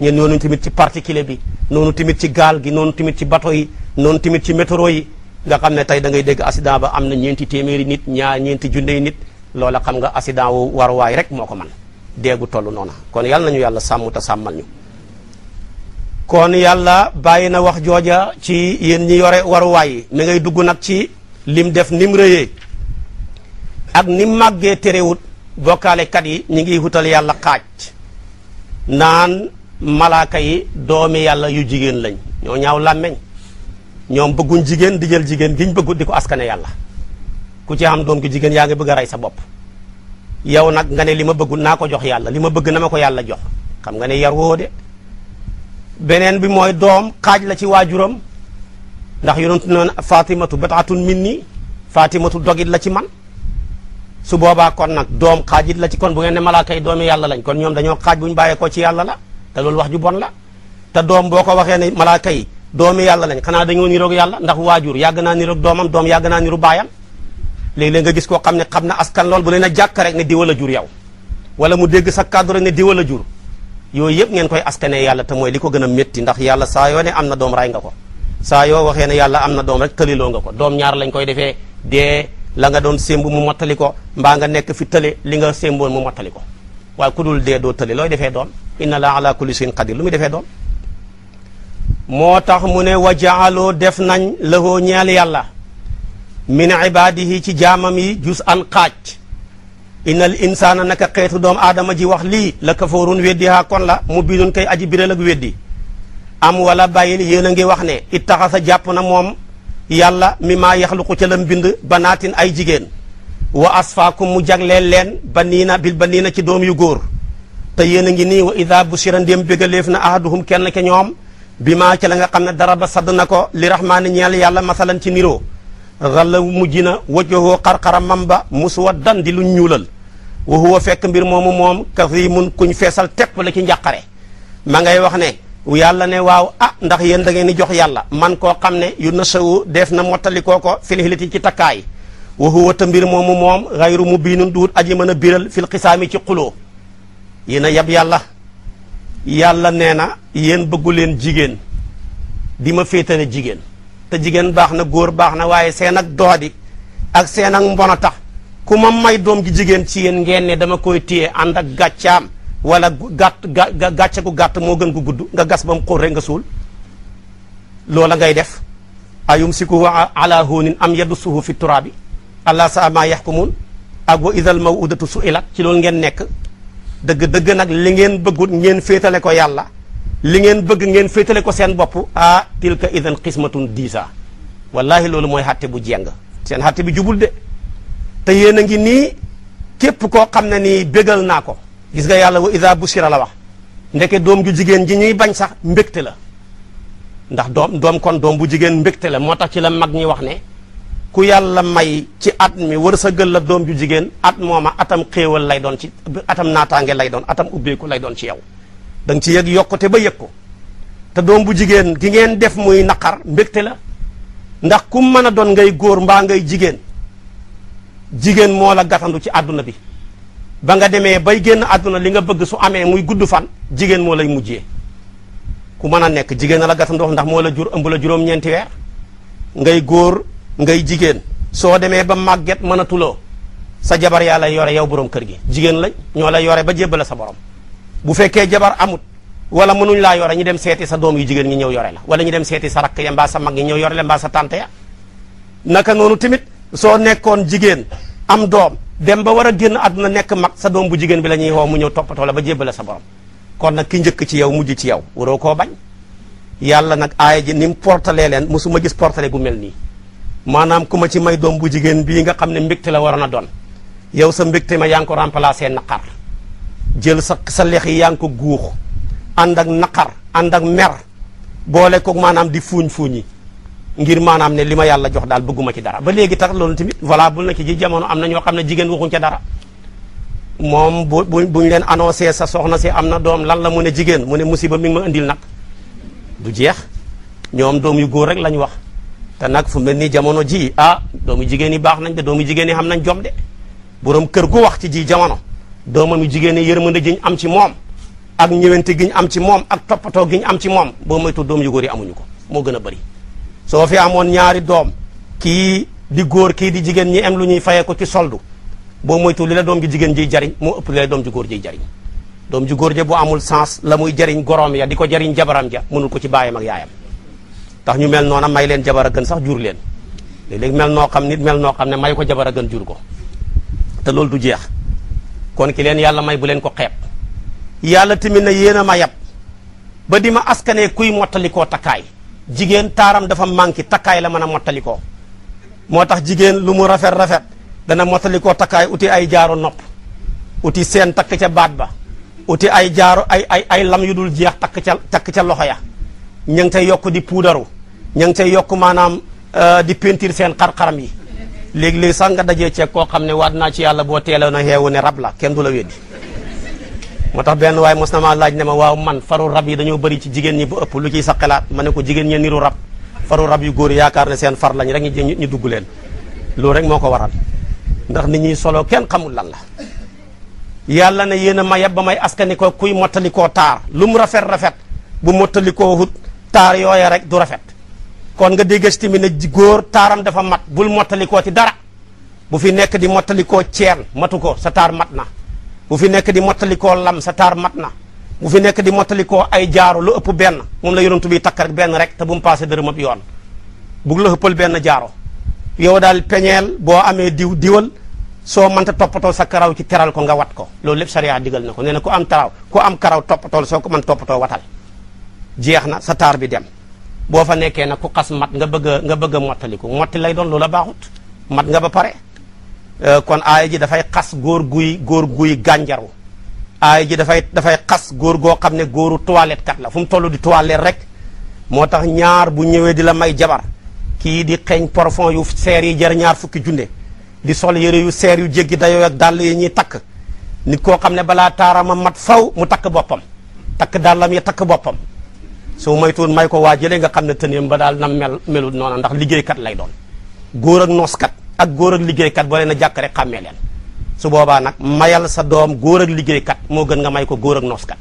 ñeen noonu tamit ci particulier bi noonu tamit ci gaal gi noonu tamit ci bateau yi noonu tamit ci métro yi nga xam ne tey da ngay dégg accident ba am na ñeenti téeméeri nit ñaar ñeenti junne nit loola xam nga accident wu waruwaay rek moo ko man deegu toll noona kon yàlla nañu yàlla sàmm sàmmal ñu kon yàlla bàyyi na wax jooja ci yéen ñi yore waruwaay yi ngay dugg nag ci lim def nim rëyee ak nim màggee terewut bokkaalekat yi ñi ngi wutal yàlla kaaj naan malaaka yi doomi yàlla yu jigéen lañ ñoo ñaaw làmmeñ ñoom bëgguñ jigéen di jël jigéen giñ bëggu di ko askane yàlla ku ci am doom ku jigéen yaa ngi bëgg a rey sa bopp yow nag nga ne li ma bëggu naa ko jox yàlla li ma bëgg na ma ko yàlla jox xam nga ne yar woo de beneen bi mooy doom kaaj la ci waajuram ndax yonentu noon faatimatu bataatun min nii fatimatu dogit la ci man su boobaa kon nag doom xaajit la ci kon bu ngeen ne malaaka yi doomi yàlla lañ kon ñoom dañoo xaaj bu ñu bàyyee ko ci yàlla la te loolu wax ju bon la te doom boo ko waxee ne malaaka yi doomi yàlla lañ xanaa dañoo niroog yàlla ndax waajur yàgg naa niroog doomam doom yàgg naa niru baayam léeg-léeg nga gis koo xam ne xam na askan lool bu leen a jàkk rek ne diwa la jur yow wala mu dégg sa kàddu rek ne diwa jur yooyu yëpp ngeen koy askane yàlla te mooy li ko gën a métti ndax yàlla saa yoo ne am na doom ray nga ko saa yoo waxee ne yàlla am na doom rek tëliloo nga ko doom ñaar lañ koy defee dee la nga doon sémb mu mottali ko mbaa nga nekk fi tële li nga sémboon mu mottali ko waaye ku dul dee doo tëli looy defee doom inna laa ala kulli shay'in qadir lu muy defee doom moo tax mu ne wa jaaloo def nañ lahoo ñeel yàlla min ibadihi ci jaamam yi jus an xaaj innal insaana naka xeetu doom aadama ji wax lii la kafoorun weddi haa kon la mu biidun kay aji biral ak weddi am wala bàyyil yéen a ngi wax ne ittaxasa jàpp na moom yàlla mi maa yaxluqu ca lam bind banaatin ay jigéen wa asfaakum mu jagleel leen baniina bil baniina ci doom yu góor te yéen a ngi nii wa ida busira ndéem bégaleef na ahaduhum kenn ke ñoom bi maa ca la nga xam ne dara ba sadd na ko li rahmaani ñeel yàlla masalan ci niroo xalla mujj na wajhoo xarxara mam ba muswaddan di lu ñuulal wa fekk mbir moomu moom kasimun kuñ feesal tepp la ci njàqare ma ngay wax ne yàlla ne waaw ah ndax yéen da ngeen di jox yàlla man koo xam ne yu nasawu def na mottali kooko fil hilati ci takkaay wa huwa te mbir moomu moom xayru mubiinun duut aji mën a biral fil xisaami ci xuloo yéen a yab yàlla yàlla nee na yéen bëgguleen jigéen di ma féetale jigéen te jigéen baax na góor baax na waaye seen ak doodi ak seen ak mbon tax ku ma may doom ji jigéen ci yéen ngeen ne dama koy téye ànd ak gàccaam wala gàtt gàcce gu gàtt moo gën gu gudd nga gas ba mu nga suul loola ngay def ayum siku ala hunin am yaddu suhu fi turaabi allah saa maa yaxkumuun ak wa idal mawudatu su ilat ci loolu ngeen nekk dëgg dëgg nag li ngeen bëggut ngeen féetale ko yàlla li ngeen bëgg ngeen féetale ko seen bopp ah tilka idan xismatun diisa wallahi loolu mooy xatte bu jeng seen xatte bi jubul de te yéen a ngi nii képp koo xam ne ni bégal naa ko gis nga yàlla wa bu busira la wax ndeke doom ju jigéen ji ñuy bañ sax mbégte la ndax doom doom kon doom bu jigéen mbégte la moo tax ci la mag ñi wax ne ku yàlla may ci at mi wërsëgal la doom ju jigéen at mooma atam xéewal lay doon ci atam naataange lay doon atam ubbeeku lay doon ci yow da ci yëg yokkute ba yëg ko te doom bu jigéen gi ngeen def muy naqar mbégte la ndax kum mën a doon ngay góor mbaa ngay jigéen jigéen moo la gàttandu ci àdduna bi ba nga demee bay génn àdduna li nga bëgg su amee muy gudd fan jigéen moo lay mujjee ku mën a nekk jigéen la gàttandu ndax moo la jur ëmb la juróom-ñeenti weer ngay góor ngay jigéen soo demee ba màgget mën a tuloo sa jabar yaa lay yore yow boroom kër gi jigéen lañ ñoo lay yore ba jébbale sa borom bu fekkee jabar amut wala mënuñ laa yore ñu dem seeti sa doom yu jigéen ñi ñëw yore la wala ñu dem seeti sa rakk ya mbaa sa mag ñi ñëw yore la mbaa sa tante ya naka noonu tamit soo nekkoon jigéen am doom dem ba war a génn àdduna nekk mag sa doom bu jigéen bi la ñuy woo mu ñëw toppatoo la ba jébbale sa borom kon nag ki njëkk ci yow mujj ci yow waroo koo bañ yàlla nag aaya ji ni mu portalee leen mosuma gis portale bu mel nii maanaam ku ma ci may doom bu jigéen bii nga xam ne mbégte la waroon a doon yow sa mbégte ma yaa ngi ko remplacé jël sa sa lex yi yaa ngi ko guux ànd ak naqar ànd ak mer boole ko maanaam di fuuñ fuuñi ngir maanaam ne li ma yàlla jox daal bëgguma ci dara ba léegi tax loolu tamit voilà bul na ci jamono am na ñoo xam jigéen waxuñ ca dara moom bu buñ leen annoncé sa soxna si am na doom lan la mu ne jigéen mu ne musiba mi ngi ma indil nag du jeex ñoom doom yu góor rek lañ wax te nag fu mel ni jamono ji ah doomu jigéen yi baax nañ te doomu jigéen yi xam nañ jom de borom kër gu wax ci ji jamono doomam yu jigéen ñi yërmande gi ñu am ci moom ak ñëwante gi ñu am ci moom ak toppatoo gi ñu am ci moom boo moytu doom yu góor yi amuñu ko moo gën a bari soo fi amoon ñaari doom kii di góor kii di jigéen ñi am lu ñuy fayee ko ci soldu boo moytu li la doom ji jigéen jiy jariñ moo ëpp li la doom ji góor jiy jariñ doom ji góor ja bu amul sens la muy jariñ gorom ya di ko jariñ jabaram ja mënul ko ci baayam mag yaayam tax ñu mel noona may leen jabar a gën sax jur leen léeg-léeg mel noo xam nit mel noo xam ne may ko jabar a gën jur ko te loolu du jeex kon ki leen yàlla may bu leen ko xeeb yàlla tamit na yéen a ma yab ba di ma askanee kuy mottalikoo takaay jigéen taaram dafa manqué takkaay la mën a mottalikoo moo tax jigéen lu mu rafet rafet dana mottalikoo takkaay uti ay jaaro nopp uti seen takk ca baat ba uti ay jaaro ay ay ay lam yu dul jeex takk ca takk ca loxo ya ña ngi tey yokk di puudaru ña ngi tey yokk maanaam euh, di peinture seen xar-xaram yi léegi-léegi sax nga dajee ceeg koo xam ne waat naa ci yàlla boo teeloon na xeewu ne rab la kenn du la weddi moo tax benn waay mos na maa laaj ne ma waaw man faru rab yi dañoo bari ci jigéen ñi bu ëpp lu ciy sa xalaat ma ne ko jigéen ñi niru rab faru rab yu góor yaakaar ne seen far lañ rek ñu ñu dugg leen loolu rek moo ko waral ndax nit ñuy solo kenn xamul lan la yàlla ne yéen a ma yab ba may askani ko kuy mottalikoo taar lu mu rafet rafet bu mottalikoo hut taar yooya rek du rafet kon nga déggas tamit ne góor taaram dafa mat bul mottalikoo ci dara bu fi nekk di mottalikoo ceen matu ko sa taar mat na bu fi nekk di mottalikoo lam sa taar mat na bu fi nekk di mottalikoo ay jaaro lu ëpp benn moom la yonent bi takk rek benn rek te bu mu paase dërëm ab yoon bug la ëppal benn jaaro yow daal peñeel boo amee diw diwal soo mënta toppatoo sa karaw ci teral ko nga wat ko loolu lépp sariya digal na ko nee na ku am taraw ku am karaw toppatool soo ko mën toppatoo watal jeex na sa taar bi dem boo fa nekkee nag ku xas mat nga bëgg a nga bëgg a mottaliku motti lay doon loola baaxut mat nga ba pare euh, kon aaya ji dafay xas góor guy góor guy gànjaru aaya ji dafay dafay xas góor goo xam ne góoru toilette kat la fu mu toll di toilette rek moo tax ñaar bu ñëwee di la may jabar kii di xeeñ porfon yu seer yi jar ñaar fukki junne di sol yére yu seer yu jéggi dayoo ak dàll yi ñuy takk nit koo xam ne balaa ma mat faw mu takk boppam takk dàllam yi takk boppam su moytuwul may ko waa jëlee nga xam ne tëneem ba daal na mel melut noona ndax kat lay doon góor ak nooskat ak góor ak liggéeykat boo leen a jàkk rek xàmmee leen su boobaa nag mayal sa doom góor ak liggéeykat moo gën nga may ko góor ak nooskat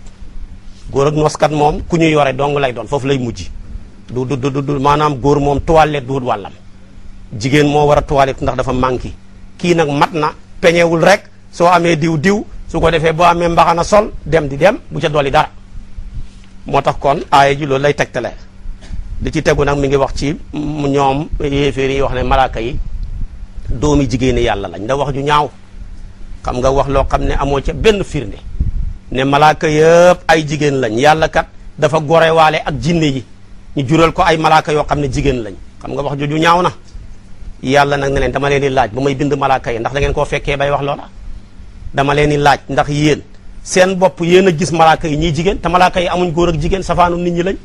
góor ak nooskat moom ku ñu yore dong lay doon foofu lay mujj du du du du maanaam góor moom toilette du wallam jigéen moo war a toilette ndax dafa manqué kii nag mat na peñewul rek soo amee diw diw su ko defee boo amee mbaxana sol dem di dem bu ca dolli dara moo tax kon aaya ji loolu lay tegtale di ci tegu nag mi ngi wax ci ñoom yéeféer yi wax ne malaaka yi doomi jigéeni yàlla lañ da wax ju ñaaw xam nga wax loo xam ne amoo ca benn firnde ne malaaka yëpp ay jigéen lañ yàlla kat dafa gorewaale ak jinne yi ñu jural ko ay malaka yoo xam ne jigéen lañ xam nga wax ju ju ñaaw na yàlla nag ne leen dama leen di laaj bu may bind malaaka yi ndax da ngeen koo fekkee bay wax loo dama leen di laaj ndax yéen seen bopp yéen a gis malaaka yi ñii jigéen te malaaka yi amuñ góor ak jigéen safaanu nit ñi lañ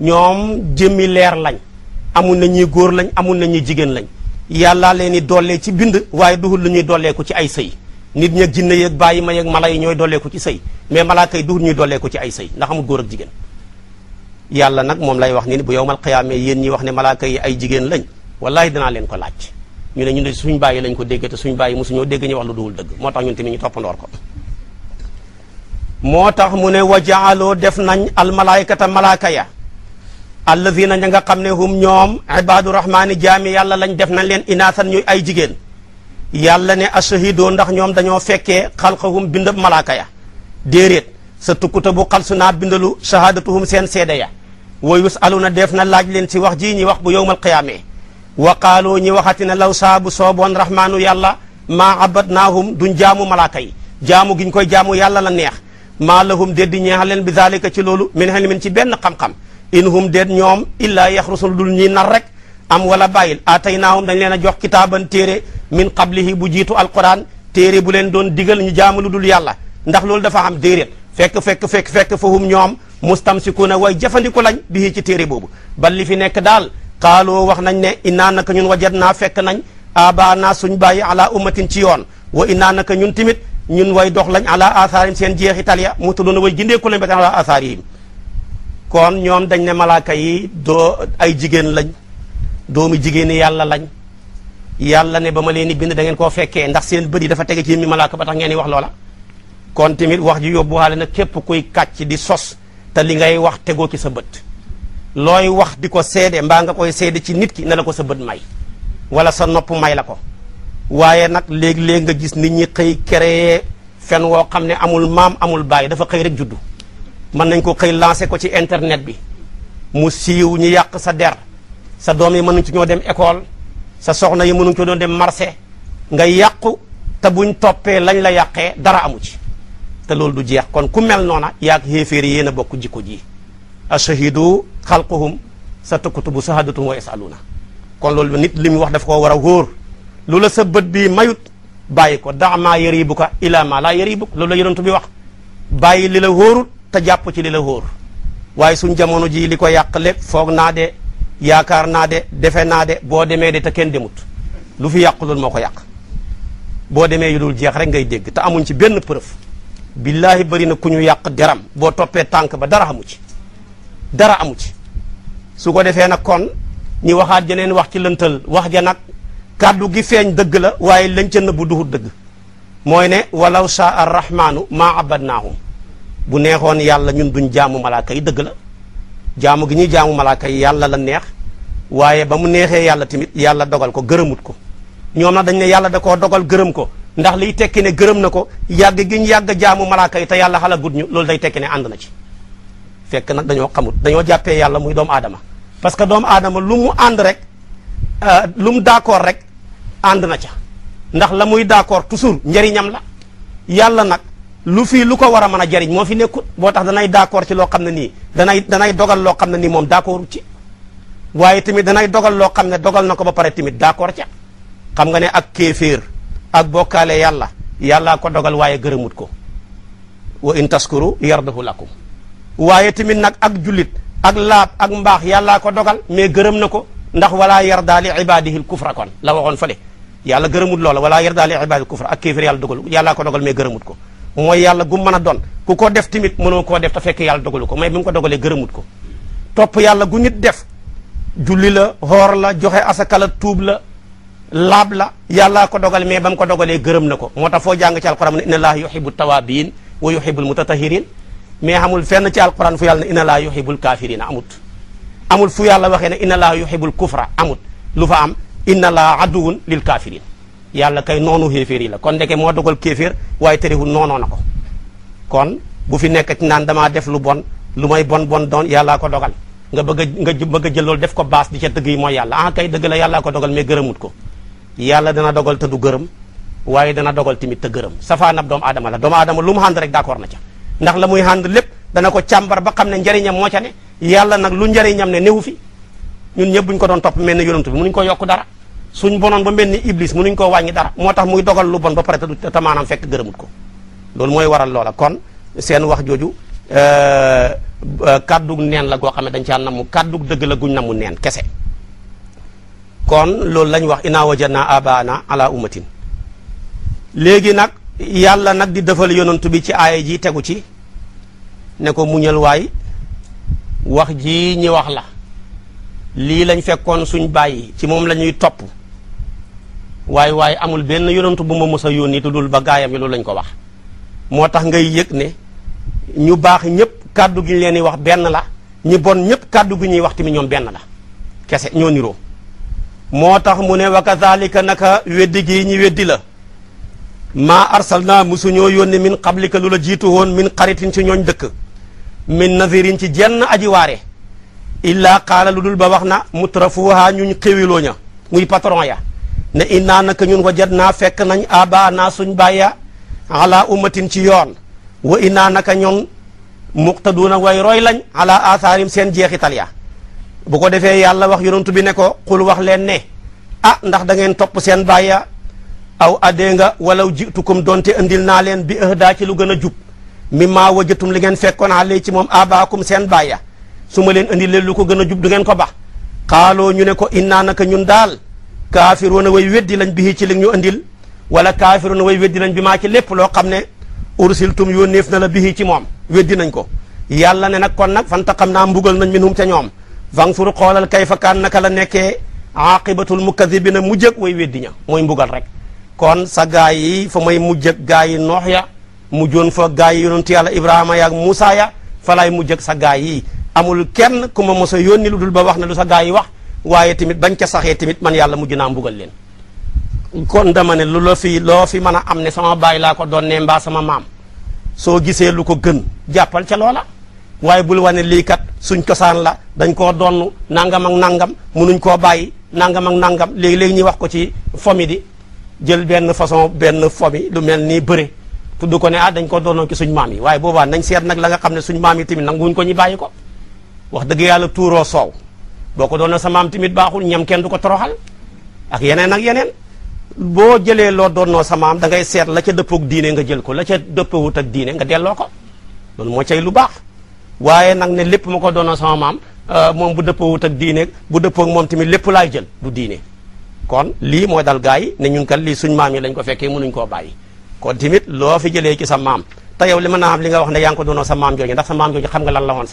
ñoom jëmmi leer lañ amuñ na ñuy góor lañ amuñ na ñuy jigéen lañ yàllaa leen di dollee ci bind waaye duhul lu ñuy dolleeku ci ay sëy nit ñeeg jinne yeeg bàyyi ma yeeg mala yi ñooy dolleeku ci sëy mais malaaka yi duhul ñuy dolleeku ci ay ndax amul góor ak jigéen yàlla nag moom lay wax ni bu yowmal xiyaamee yéen ñi wax ne malaaka yi ay jigéen lañ wallaahi danaa leen ko laaj ñu ne ñu ne suñ bàyyi lañ ko dégg te suñ bàyyi mosuñoo dégg ñu wax lu duhul dëgg moo tax ñun tamit ko moo tax mu ne wa jaaloo def nañ almalaykata malaaka ya allazina ña nga xam ne hum ñoom ibaadu rahmaani jaami yàlla lañ def nañ leen inaasan ñuy ay jigéen yàlla ne ashahidoo ndax ñoom dañoo fekkee xalqahum bindab malaaka ya déeréet sa tukkuta bu xal su naa bindalu shahaadatuhum seen seede ya wa yusaluna def na laaj leen si wax ji ñi wax bu yowmal qiyaamee wa qaaloo ñi waxati na law saa bu sooboon rahmaanu yàlla maa abadnaahum duñ jaamu malaaka yi jaamu giñ koy jaamu yàlla la neex maa lahum déet di ñeexal leen bi zalika ci loolu min ilmin ci benn xam-xam in hum déet ñoom illaa yaxrusul dul ñuy nar rek am wala bàyyil ataynaahum dañ leen a jox kitaaban téere min qablihi bu jiitu alquran téere bu leen doon digal ñu jaamu lu dul yàlla ndax loolu dafa am déeréet fekk fekk fekk fekk fahum ñoom mustamsikuuna way jëfandiku lañ bii ci téere boobu ba li fi nekk daal xaaloo wax nañ ne innaa naka ñun wajat naa fekk nañ ba naa suñ bàyyi ala ummatin ci yoon wa naka ñun timit ñun way dox lañ ala asaarihim seen jeexital ya muhtaduna way gindeeku lañ ba seen ala asaarihim kon ñoom dañ ne malaaka yi doo ay jigéen lañ doomi jigéeni yàlla lañ yàlla ne ba ma leen di bind da ngeen koo fekkee ndax seen bët yi dafa tege ci mi malaaka ba tax ngeen di wax loola kon tamit wax ji yóbbu yóbbuwaale na képp kuy kàcc di sos te li ngay wax tegoo ki sa bët looy wax di ko seede mbaa nga koy seede ci nit ki ne la ko sa bët may wala sa nopp may la ko waaye nag léegi léeg nga gis nit ñi xëy créer fen woo xam ne amul maam amul baay dafa xëy rek juddu mën nañ ko xëy lancer ko ci internet bi mu siiw ñu yàq sa der sa doom yi nu ci ñoo dem école sa soxna yi mënuñ ci doon dem marché nga yàqu te buñ toppee lañ la yàqee dara amu ci te loolu du jeex kon ku mel noona yaag xéeféer yéen a bokk jikko ji ashahidu xalquhum sa bu tukkutubu shahadatuhum wa na kon loolu nit li mu wax dafa ko war a wóor lu la sa bët bi mayut bàyyi ko daa maa yaribuka ila ma laa yaribuk loolu la yonent bi wax bàyyi li la wóorut te jàpp ci li la wóor waaye suñ jamono ji li ko yàq lépp foog naa de yaakaar naa de defe naa de boo demee de te kenn demut lu fi yàqu loolu moo ko yàq boo demee yu dul jeex rek ngay dégg te amuñ ci benn preuve billaahi bëri na ku ñu yàq garam boo toppee tànk ba dara amu ci dara amu ci su ko defee nag kon ñu waxaat jeneen wax ci lëntal wax ja nag kàddu gi feeñ dëgg la waaye lañ na bu duhut dëgg mooy ne walaw saa ma maa abadnaahum bu neexoon yàlla ñun duñ jaamu malaaka yi dëgg la jaamu gi ñuy jaamu malaaka yi yàlla la neex waaye ba mu neexee yàlla tamit yàlla dogal ko gërëmut ko ñoom nag dañ ne yàlla da koo dogal gërëm ko ndax liy tekki ne gërëm na ko yàgg gi ñu yàgg jaamu malaaka yi te yàlla xalagut ñu loolu day tekki ne ànd na ci fekk nag dañoo xamut dañoo jàppee yàlla muy doomu aadama parce que doomu aadama lu mu ànd rek euh, lu mu d'accord rek ànd na ca ndax la muy d'accord toujours njëriñam la yàlla nag lu fii lu ko war a mën a jariñ moo fi nekkut boo tax danay d'accord ci loo xam ne nii danay danay dogal loo xam ne nii moom d'accord ci waaye tamit danay dogal loo xam ne dogal na ko ba pare tamit d'accord ca xam nga ne ak kéeféer ak bokkaale yàlla yàllaa ko dogal waaye gërëmut ko wa in taskuru yardahu lakum waaye tamit nag ak julit ak laab ak mbaax yàllaa ko dogal mais gërëm na ko ndax wala yardaa li ibaadihi l kufra kon la waxoon fële yàlla gërëmut loola wala yardaa li ibaadi kufra ak kéefér yàlla dogalu yàllaa ko dogal mais gërëmut ko mooy yàlla gu mën a doon ku ko def tamit mënoo koo def te fekk yàlla dogalu ko mais bi mu ko dogalee gërëmut ko topp yàlla gu nit def julli la xoor la joxe asaka la tuub la laab la yàllaa ko dogal mais ba mu ko dogalee gërëm na ko moo tax foo jàng ci alquran ne inna laaha yuhibbu tawaabiin wa yuhibbul mutatahiriin mais amul fenn ci alquran fu yàlla ne inna laaha yuhibbul kaafiriina amut amul fu yàlla waxee ne inna laaha yuhibbul kufra amut lu fa am inna laa aduwun lil kaafiriin yàlla kay noonu xéeféer yi la kon ndeke moo dogal kéeféer waaye terewul noonoo na ko kon bu fi nekk ci naan damaa def lu bon lu may bon bon doon yàllaa ko dogal nga bëgg a nga bëgg a def ko baas di ca dëgg yi mooy yàlla ah kay dëgg la yàllaa ko dogal mais gërëmut ko yàlla dana dogal te du gërëm waaye dana dogal tamit te gërëm safaanab doomu aadama la doomu aadama lu mu ànd rek d'accord na ca ndax la muy ànd lépp dana ko càmbar ba xam ne njëriñam moo ca ne yàlla nag lu njëriñam ne néewu fi ñun ñëpp buñ ko doon topp mel ni yonantu bi mënuñ ko yokk dara suñ bonoon ba mel ni iblis mënuñ ko wàññi dara moo tax muy dogal lu bon ba pare te maanaam fekk gërëmut ko loolu mooy waral loola kon seen wax jooju euh, euh, kàddug neen la goo xam ne dañ caa namu kàddug dëgg la guñ namu neen kese kon loolu lañ wax inaa wajadna abaana ala ummatin léegi nag yàlla nag di defal yonantu bi ci aaya ji tegu ci ne ko muñal waay wax ji ñi wax la lii lañ fekkoon suñ bàyyi ci moom la ñuy topp waaye waaye amul benn yonantu bu ma mos a yónni tuddul ba gaayam yi lu lañ ko wax moo tax ngay yëg ne ñu baax ñëpp kàddu gi leen wax benn la ñi ñëpp kàddu gi ñuy wax tamit ñoom benn la kese ñoo niroo moo tax mu ne wa kazalika naka weddi gi ñi weddi la maa arsalna musuñoo yónni min qablika lu la jiitu woon min xaritin ci ñooñ dëkk min nazirin ci jenn aji illaa qaala lu dul ba wax na mutrafuha ñuñ xéwiloo ña muy patron ya ne innaa naka ñun wajat naa fekk nañ aba naa suñ bàyya ala ummatin ci yoon wa innaa naka ñun muqtaduuna way roy lañ ala athaarim seen jeexital ya bu ko defee yàlla wax yonantu bi ne ko xul wax leen ne ah ndax da ngeen topp seen bàyya aw adee nga walaw jitukum donte indil naa leen bi ahdaa ci lu gën a jub mi maa wajatum li ngeen fekkoon ale ci moom abaakum seen bàyya su ma leen andi leen lu ko gën a jub du ngeen ko bax xaaloo ñu ne ko innaa naka ñun daal kaafiruuna way weddi lañ bi ci li ñu andil wala kaafiruuna way weddi lañ bi maa ci lépp loo xam ne ursiltum yónneef na la bihi ci moom weddi nañ ko yàlla ne nag kon nag fanta xam naa mbugal nañ minhum ca ñoom fanfur xoolal kayfa kaan naka la nekkee aqibatul mukadibina mujjëg way weddi na mooy mbugal rek kon sa gaa fa may mujjëg gaa yi noox ya mujjoon fa gaa yi yonentu yàlla ibrahima yaak muusa ya fa laay mujjëg sa gaa yi amul kenn ku ma mos a lu dul ba wax na lu sa gaa yi wax waaye tamit bañ ca saxee tamit man yàlla mujj naa mbugal leen kon dama ne lu la fi loo fi mën a am ne sama baay laa ko doon ne mbaa sama maam soo gisee lu ko gën jàppal ca loola waaye bul wane lii kat suñ cosaan la dañ koo donn nangam ak nangam munuñ koo bàyyi nangam ak nangam léegi-léegi ñuy wax ko ci fomi di jël benn façon benn fomi lu mel nii bëre tudd ko ne ah dañ ko doonoon ci suñ maam yi waaye boobaa nañ seet nag la nga xam ne suñ maam nanguwuñ ko ñu bàyyi ko wax dëgg yàlla tuuroo soow boo ko doon na sa maam tamit baaxul ñam kenn du ko toroxal ak yeneen ak yeneen boo jëlee loo doonnoo sa maam da ngay seet la ca dëppoog diine nga jël ko la ca dëppawut ak diine nga delloo ko loolu moo cay lu baax waaye nag ne lépp ma ko doonoo sama maam euh, moom bu dëppawut ak diine bu dëppoog moom tamit lépp laay jël du diine kon lii mooy dal gaa yi ne ñun kat lii suñ maam yi lañ ko fekkee mënuñ koo bàyyi kon tamit loo fi jëlee ci sa maam te yow li mën naa am li nga wax ne yaa ngi ko doonoo sa maam jooju ndax sa maam jooju xam nga lan la woon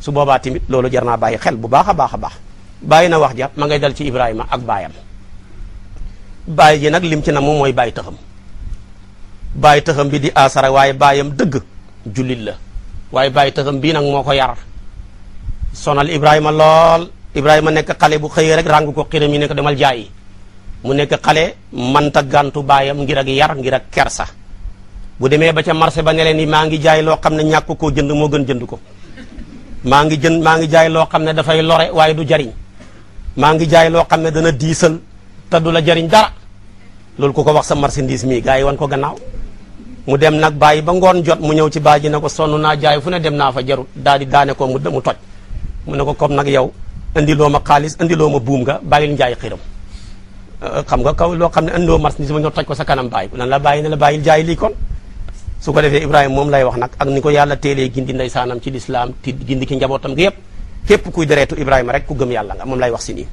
su boobaa tamit loolu jar naa bàyyi xel bu baax a baax a baax bàyyi na wax ja ma ngay dal ci Ibrahima ak baayam baay ji nag lim ci na moom mooy baay taxam baay taxam bi di asara waaye baayam dëgg jullit la waaye baay taxam bii nag moo ko yar sonal Ibrahima lool Ibrahima nekk xale bu xëyee rek ràng ko xiram yi ne ko demal jaayi mu nekk xale manta gàntu baayam ngir ak yar ngir ak kersa bu demee ba ca marché ba ne leen ni maa ngi jaay loo xam ne ñàkk koo jënd moo gën jënd ko maa ngi jën maa ngi jaay loo xam ne dafay lore waaye du jariñ maa ngi jaay loo xam ne dana diisal te du la jariñ dara loolu ku ko wax sa marchandise mii gars yi wan ko gannaaw mu dem nag bàyyi ba ngoon jot mu ñëw ci baay ji ne ko sonn naa jaay fu ne dem naa fa jarut daal di daane ko mu mu toj mu ne ko comme nag yow indiloo ma xaalis indiloo ma buum nga bàyyil njaay xiram euh, xam nga kaw loo xam ne indiloo marchandise ma ñëw toj ko sa kanam bàyyi nan la bàyyi ne la bàyyil jaay lii kon su ko defee Ibrahima moom lay wax nag ak ni ko yàlla teelee gindi saanam ci lislaam ti gindi ki njabootam gi yépp képp kuy dereetu Ibrahima rek ku gëm yàlla nga moom lay wax si nii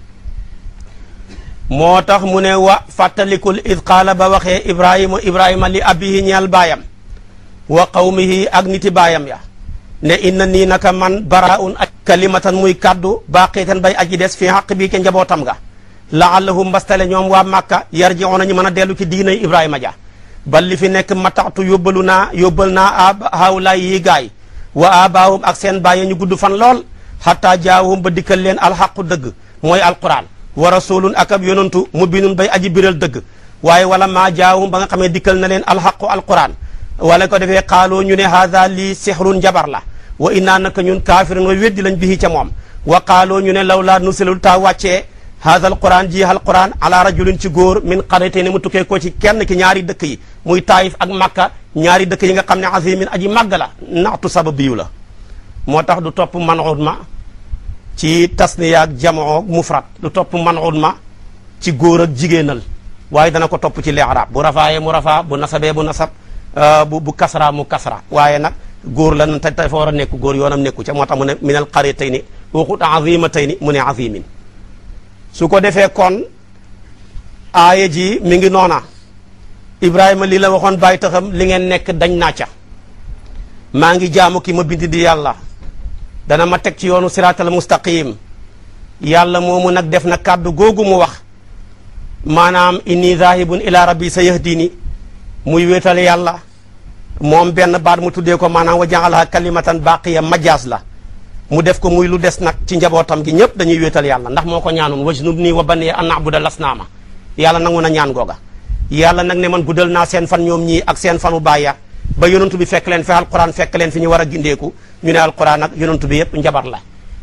moo tax mu ne wa fàttalikul id qaala ba waxee Ibrahima Ibrahima li abihi ñeel baayam wa qawmihi ak niti baayam ya ne inna nii naka man baraun ak kalimatan muy kaddu baaqiitan bay aji des fi xaq bi ke njabootam nga laallahum mbastale ñoom waa Makka yarjiuna ñu mën a dellu ci diinay Ibrahima ja bal li fi nekk mataxtu yóbbalu naa yóbbal naa ab haawlaay yi gaay wa abaahum ak seen bàyyi ñu gudd fan lool xataa jaawum ba dikkal leen alxaqu dëgg mooy alquran wa rasulun ak ab yonantu mu binun bay aji biral dëgg waaye wala maa jaawum ba nga xamee dikkal na leen alxaqu alquran wala ko defee xaaloo ñu ne haada lii sixrun njabar la wa innaa naka ñun kaafirun way weddi lañ bihi ca moom wa xaaloo ñu ne law laa nusilul taa wàccee haada alquran ji alquran ala rajulin ci góor min qaryatayni mu tukkee ko ci kenn ki ñaari dëkk yi muy taayif ak makka ñaari dëkk yi nga xam ne azimin aji màgg la naxtu sababiyu la moo tax du topp man'ud ma ci tasniya ak jamoo mufrad du topp man'ud ma ci góor ak jigeenal waaye dana ko topp ci li'rab bu rafaaye mu rafaa bu nasabee bu nasab euh, bu bu kasra mu kasra waaye nag góor la nan te dafa war a nekk góor yoonam nekku ca moo tax mu ne min al qaryatayni waxut azimatayni mu ne azimin su ko defee kon aay ji mi ngi noona Ibrahima li la waxoon bàyyi taxam li ngeen nekk dañ naa ca maa ngi jaamu kii ma bind di yàlla dana ma teg ci yoonu siraatal mustaqim yàlla moomu nag def na kàddu googu mu wax maanaam inni zahibun ila rabbi sa yahdini muy wéetal yàlla moom benn baat mu tuddee ko maanaam wa jaxalaha kalimatan baqiya majaas la mu def ko muy lu des nag ci njabootam gi ñëpp dañuy wéetal yàlla ndax moo ko ñaanoon wajnub ni wa baniya an na'buda lasnaama yàlla nangu na ñaan googa yàlla nag ne man guddal naa seen fan ñoom ñii ak seen fanu bàyya ba yonantu bi fekk leen fi alquran fekk leen fi ñu war a gindeeku ñu ne alquran ak yonantu bi yëpp njabar la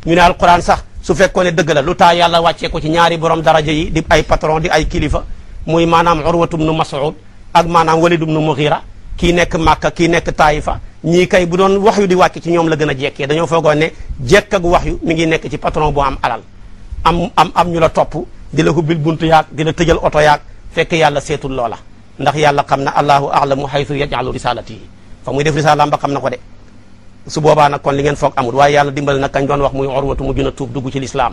ñu ne alquran sax su fekkoon ne dëgg la lu taa yàlla wàcce ko ci ñaari borom daraja yi di ay patron di ay kilifa muy maanaam urwatum nu mas'ud ak maanaam walidum nu mughira kii nekk màkka kii nekk taayifa ñii kay bu doon wax yu di wàcc ci ñoom la gën a jekkee dañoo foogoon ne jekk ak wax yu mu ngi nekk ci patron bu am alal am am ñu la topp di la hubbil buntu yaag di la tëjal oto yaag fekk yàlla seetul loola ndax yàlla xam na allahu alamu haythu yajalu risalatihi fa muy def risalaam ba xam na ko de su boobaa nag kon li ngeen foog amul waaye yàlla dimbali nag kañ doon wax muy orwatu mu gën a tuub dugg ci lislaam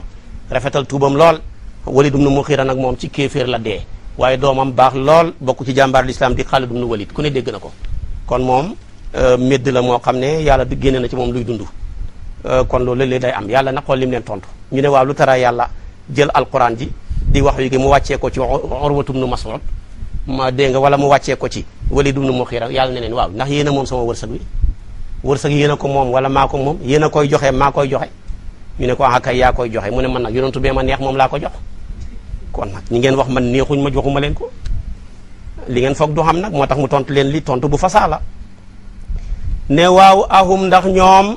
rafetal tuubam lool walid ibn mughira nag moom ci kéeféer la dee waaye doomam baax lool bokk ci jàmbaar lislaam di xaalid ibn walid ku ne dégg na ko Euh, médd la moo xam ne yàlla du génne na ci moom luy dundu euh, kon loolu léeg-léeg day am yàlla na xool lim leen tontu ñu ne waaw lu tara yàlla al kuraan ji di wax yu gi mu wàccee ko ci urwatum nu mas'ud ma dégg nga wala mu wàccee ko ci walidum nu muxira yàlla ne leen waaw ndax yéen a moom sama wërsëg wi wërsëg yéen a ko moom wala maa ko moom yéen a koy joxe maa koy joxe ñu ne ko ah kay yaa koy joxe mu ne man nag yonentu bee ma neex moom laa ko jox kon nag ñi ngeen wax man neexuñ ma joxuma leen ko li ngeen foog du xam nag moo tax mu tontu leen li tontu bu fasaa la ne waaw ahum ndax ñoom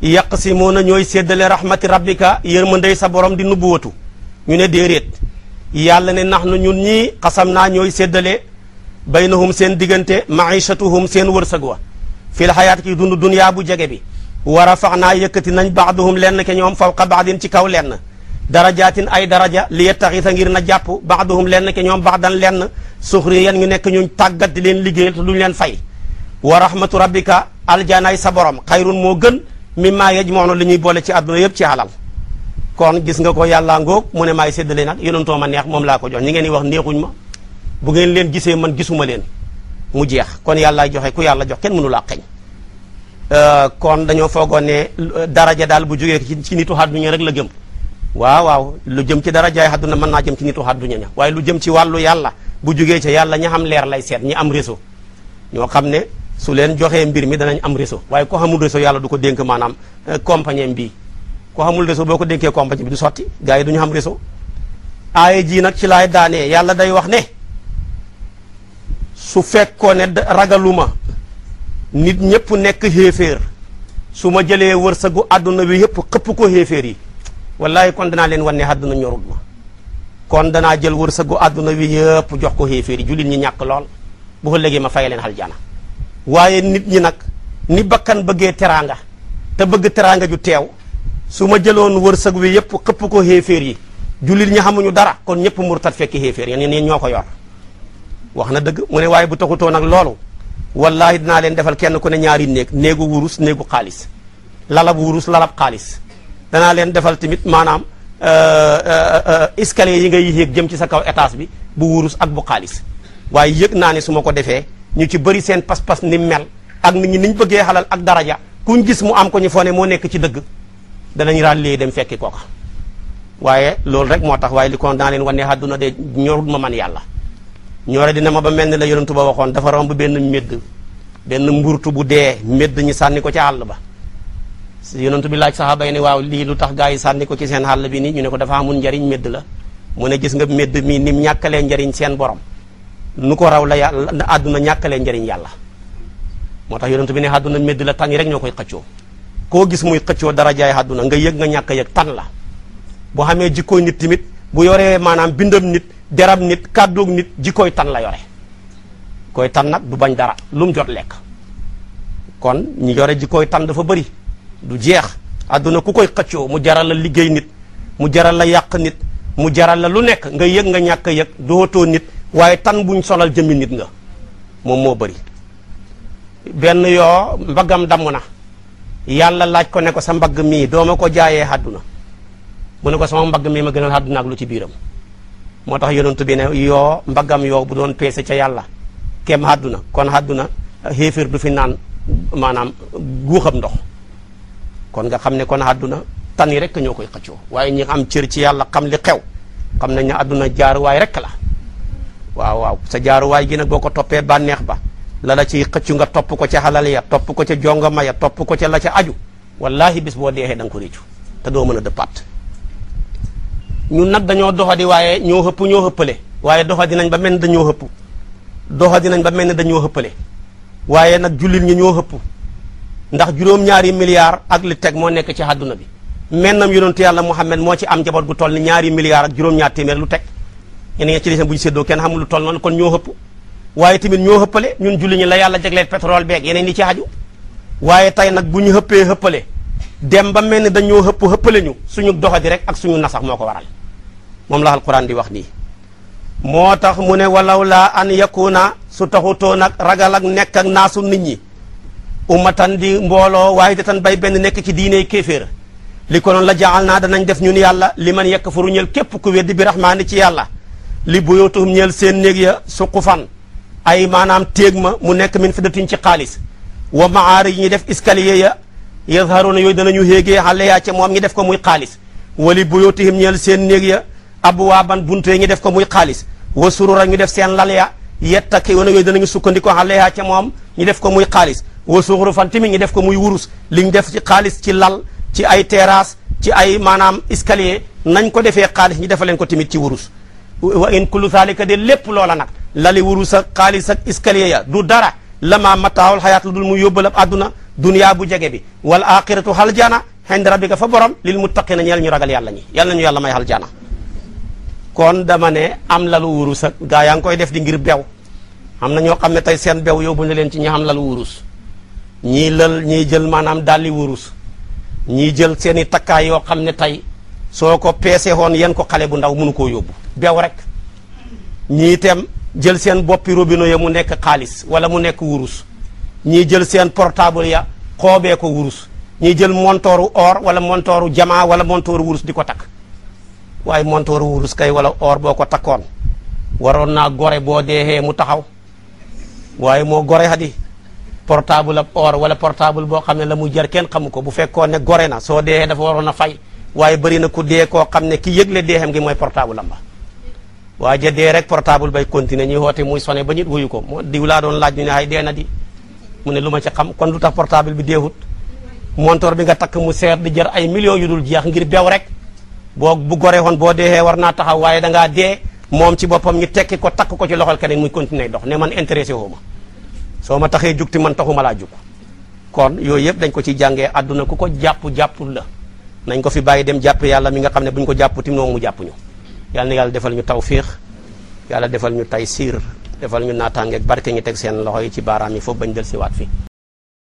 si yaqsimuuna ñooy séddale rahmati rabbika yërmandey sa borom di nubbuwatu ñu ne déeréet yàlla ne nax nu ñun ñii xasam naa ñooy seddale séddale baynahum seen diggante maishatuhum seen wërsëg wa fil xayaat ki dund duniyaa bu jege bi wa naa yëkkati nañ baaduhum lenn ke ñoom fawqa baadin ci kaw lenn darajaatin ay daraja li yettaxisa ngir na jàpp baaduhum lenn ke ñoom baadan lenn suxriyan ngi nekk ñu tàggat di leen liggéey te leen fay wa rahmatu rabbika aljaanaay sa borom xayrun moo gën maa mimma yajmauna li ñuy boole ci àdduna yëpp ci alal kon gis nga ko yàllaa ngoog mu ne maay séddale nag yonentoo ma neex moom laa ko jox ñi ngeen di wax neexuñ ma bu ngeen leen gisee man gisuma leen mu jeex kon yàllaay joxe ku yàlla jox ken mënu laa xeñ euh, kon dañoo foogoon ne daraja daal bu jógee ci nitu àdduna rek la jëm waaw waaw lu jëm ci darajaay àdduna mën naa jëm ci nitu àdduna ña waaye lu jëm ci wàllu bu jógee ca yàlla ña am lay seet ñi am réseau ñoo xam ne su leen joxee mbir mi danañ am réseau waaye ko xamul réseau yàlla ko dénk maanaam euh, compagnie bi ko xamul réseau boo ko denkee compagnie bi du sotti gars yi du ñu xam réseau aaya ji nag ci lay daanee yàlla day wax ne su fekkoo ne ragaluma nit ñëpp nekk xéeféer su ma jëlee wërsëgu àdduna bi yëpp xëpp ko xéeféer yi wallahi kon danaa leen wan ne àdduna ñorul ma kon danaa jël wërsëgu àdduna bi yëpp jox ko xéeféer yi jullit ñi ñàkk lool bu ko léegi ma fay leen aljana waaye nit ñi nag ni bakkan bëggee teraanga te bëgg teraanga ju teew su ma jëloon sag wi yëpp xëpp ko xéeféer yi jullit ñi xamuñu dara kon ñëpp murtat fekki xéeféer yéen yéen ñoo ko yor wax na dëgg mu ne waaye bu taxutoo nag loolu wallaahi dinaa leen defal kenn ku ne ñaari néeg néegu wurus néegu xaalis lalab wurus lalab xaalis danaa leen defal tamit maanaam euh, euh, euh, escalier yi ngay yéeg jëm ci sa kaw étage bi bu wurus ak bu xaalis waaye yëg naa ne su ma ko defee ñu ci bëri seen pas-pas ni mel ak nit ñi niñ bëggee xalal ak daraja kuñ gis mu am ko ñi foone moo nekk ci dëgg danañ ràllee dem fekki kooka waaye loolu rek moo tax waaye li kon daa leen wane àdduna de ñorut ma man yàlla ñoore dina ma ba mel ni la yonentu ba waxoon dafa romb benn médd benn mburtu bu dee médd ñi sànni ko ci àll ba si yonentu bi laaj saxaaba yi ne waaw lii lu tax gaa yi sànni ko ci seen àll bi nii ñu ne ko dafa amul njariñ la mu ne gis nga médd mii nim ñàkkalee njariñ seen borom nu ko raw la yàlla àdduna ñàkkalee njëriñ yàlla moo tax yonent bi ne àdduna medd la tan yi rek ñoo koy xëccoo koo gis muy xëccoo dara jaay àdduna nga yëg nga ñàkk yëg tan la boo xamee jikkooy nit tamit bu yoree maanaam bindam nit derab nit kàddoog nit jikkooy tan la yore koy tan nag du bañ dara lu jot lekk kon ñu yore jikkooy tan dafa bëri du jeex àdduna ku koy xëccoo mu jaral la liggéey nit mu jaral la yàq nit mu jaral la lu nekk nga yëg nga ñàkk yëg dootoo nit waaye tan buñ solal jëmmi nit nga moom moo bari benn yoo mbaggam damm na yàlla laaj ko ne ko sa mbagg mii doo ma ko jaayee àdduna mu ne ko sama mbagg mii ma gënal àdduna ak lu ci biiram moo tax yonent bi ne yoo mbaggam yoo bu doon peese ca yàlla kem àdduna kon àdduna xéeféer du fi naan maanaam guuxam ndox kon nga xam ne kon àdduna tan yi rek ñoo koy xëccoo waaye ñi am cër ci yàlla xam li xew xam nañ na àdduna jaar waaye rek la waaw waaw sa jaaruwaay ji nag boo ko toppee bànneex ba la la ciy xëccu nga topp ko ca xalal ya topp ko ca jongama ya topp ko ca la ca aju wallahi bis boo deexee da ko réccu te doo mën a dëppaat ñun nag dañoo di waaye ñoo xëpp ñoo xëppale waaye doxadi nañ ba mel ni dañoo xëpp doxadi nañ ba mel ni dañoo xëppale waaye nag jullit ñi ñoo xëpp ndax juróom-ñaari milliards ak li teg moo nekk ci àdduna bi mennam yonentu yàlla Muhammad moo ci am jaboot gu toll ni ñaari milliards ak juróom-ñaar téeméer lu teg ñeneen ñi ci des bu ñu séddoo kenn xamul lu toll noonu kon ñoo xëpp waaye tamit ñoo xëppale ñun julli ñi la yàlla jagleel petrol beeg yeneen ñi ci aju waaye tey nag bu ñu xëppee xëppale dem ba mel ni dañoo xëpp xëppale ñu suñu doxadi rek ak suñu nasax moo ko waral moom la alquran di wax nii moo tax mu ne walaw laa an yakuna su taxutoo nag ragal ak nekk ak naasu nit ñi ummatan di mbooloo waaye datan bay benn nekk ci diine kéeféer li ko noonu la jaal naa danañ def ñun yàlla li man yekk furu ñël képp ku weddi bi raxmaani ci yàlla li buyootuhum ñeel seen néeg ya fan ay maanaam téeg ma mu nekk min fiddatin ci xaalis wa maari yi ñu def escalier ya yazharuna yooyu danañu héegee xale yaa ca moom ñu def ko muy xaalis wali buyootuhum ñeel seen néeg ya abwaaban buntu yi ñu def ko muy xaalis wa surura ñu def seen lal ya yattaki'una yooyu danañu sukkandikoo xale yaa ca moom ñu def ko muy xaalis wa zuxrufan tamit ñu def ko muy wurus li ñu def ci xaalis ci lal ci ay terrasse ci ay maanaam escalier nañ ko defee xaalis ñu defaleen ko tamit ci wurus wa in kullu zalika de lépp loola nag lal wurus ak xaalis ak escalier ya du dara lama mataawul xayaat lu dul mu yóbbal ab àdduna duniyaa bu jege bi wal axiratu xaljaana bi rabbika fa borom lil muttaqina ñeel ñu ragal yàlla ñi yàlla nañu yàlla may xaljaana kon dama ne am lalu wurus ak gaa yaa ngi koy def di ngir bew am na ñoo xam ne tey seen bew yóbbu na leen ci ñi am lalu wurus ñii lal ñii jël maanaam dalli wurus ñii jël seen i takkaay yoo xam ne tey soo ko peese woon yan ko xale bu ndaw munu koo yóbbu bew rek ñii itam jël seen boppi robino ya mu nekk xaalis wala mu nekk wurus ñii jël seen portable ya xoobee ko wurus ñii jël montooru or wala montooru jamaa wala montooru wurus di ko takk waaye montooru wurus kay wala or boo ko takkoon waroon naa gore boo deexee mu taxaw waaye moo gore hadi portable ab or wala portable boo xam ne la mu jar kenn xamu ko bu fekkoon ne gore na soo deexee dafa waroon a fay waaye bëri na ku dee koo xam ne ki yëgle dee xam gi mooy portable am ba waa ja dee rek portable bay continuer ñuy woote muy sone ba ñit wuyu ko moo diw doon laaj ñu ne ay dee na di mu ne lu ma ci xam kon lu tax portable bi deewut montor bi nga takk mu seer di jar ay millions yu dul jeex ngir bew rek boo bu goree woon boo deexee war naa taxaw waaye dangaa dee moom ci boppam ñu tekki ko takk ko ci loxol keneen muy continuer dox ne man intéressé woo soo ma taxee jug ti man taxuma laa jug kon yooyu yëpp dañ ko ci jàngee àdduna ku ko jàpp jàppul la nañ ko fi bàyyi dem jàpp yàlla mi nga xam ne bu ñu ko jàpputi moom mu jàpp ñu yàlla na yàlla defal ñu tawfiix yàlla defal ñu taysiir defal ñu naataangeeg barke ñu teg seen loxo yi ci baaraam yi foofu bañ del siwaat fii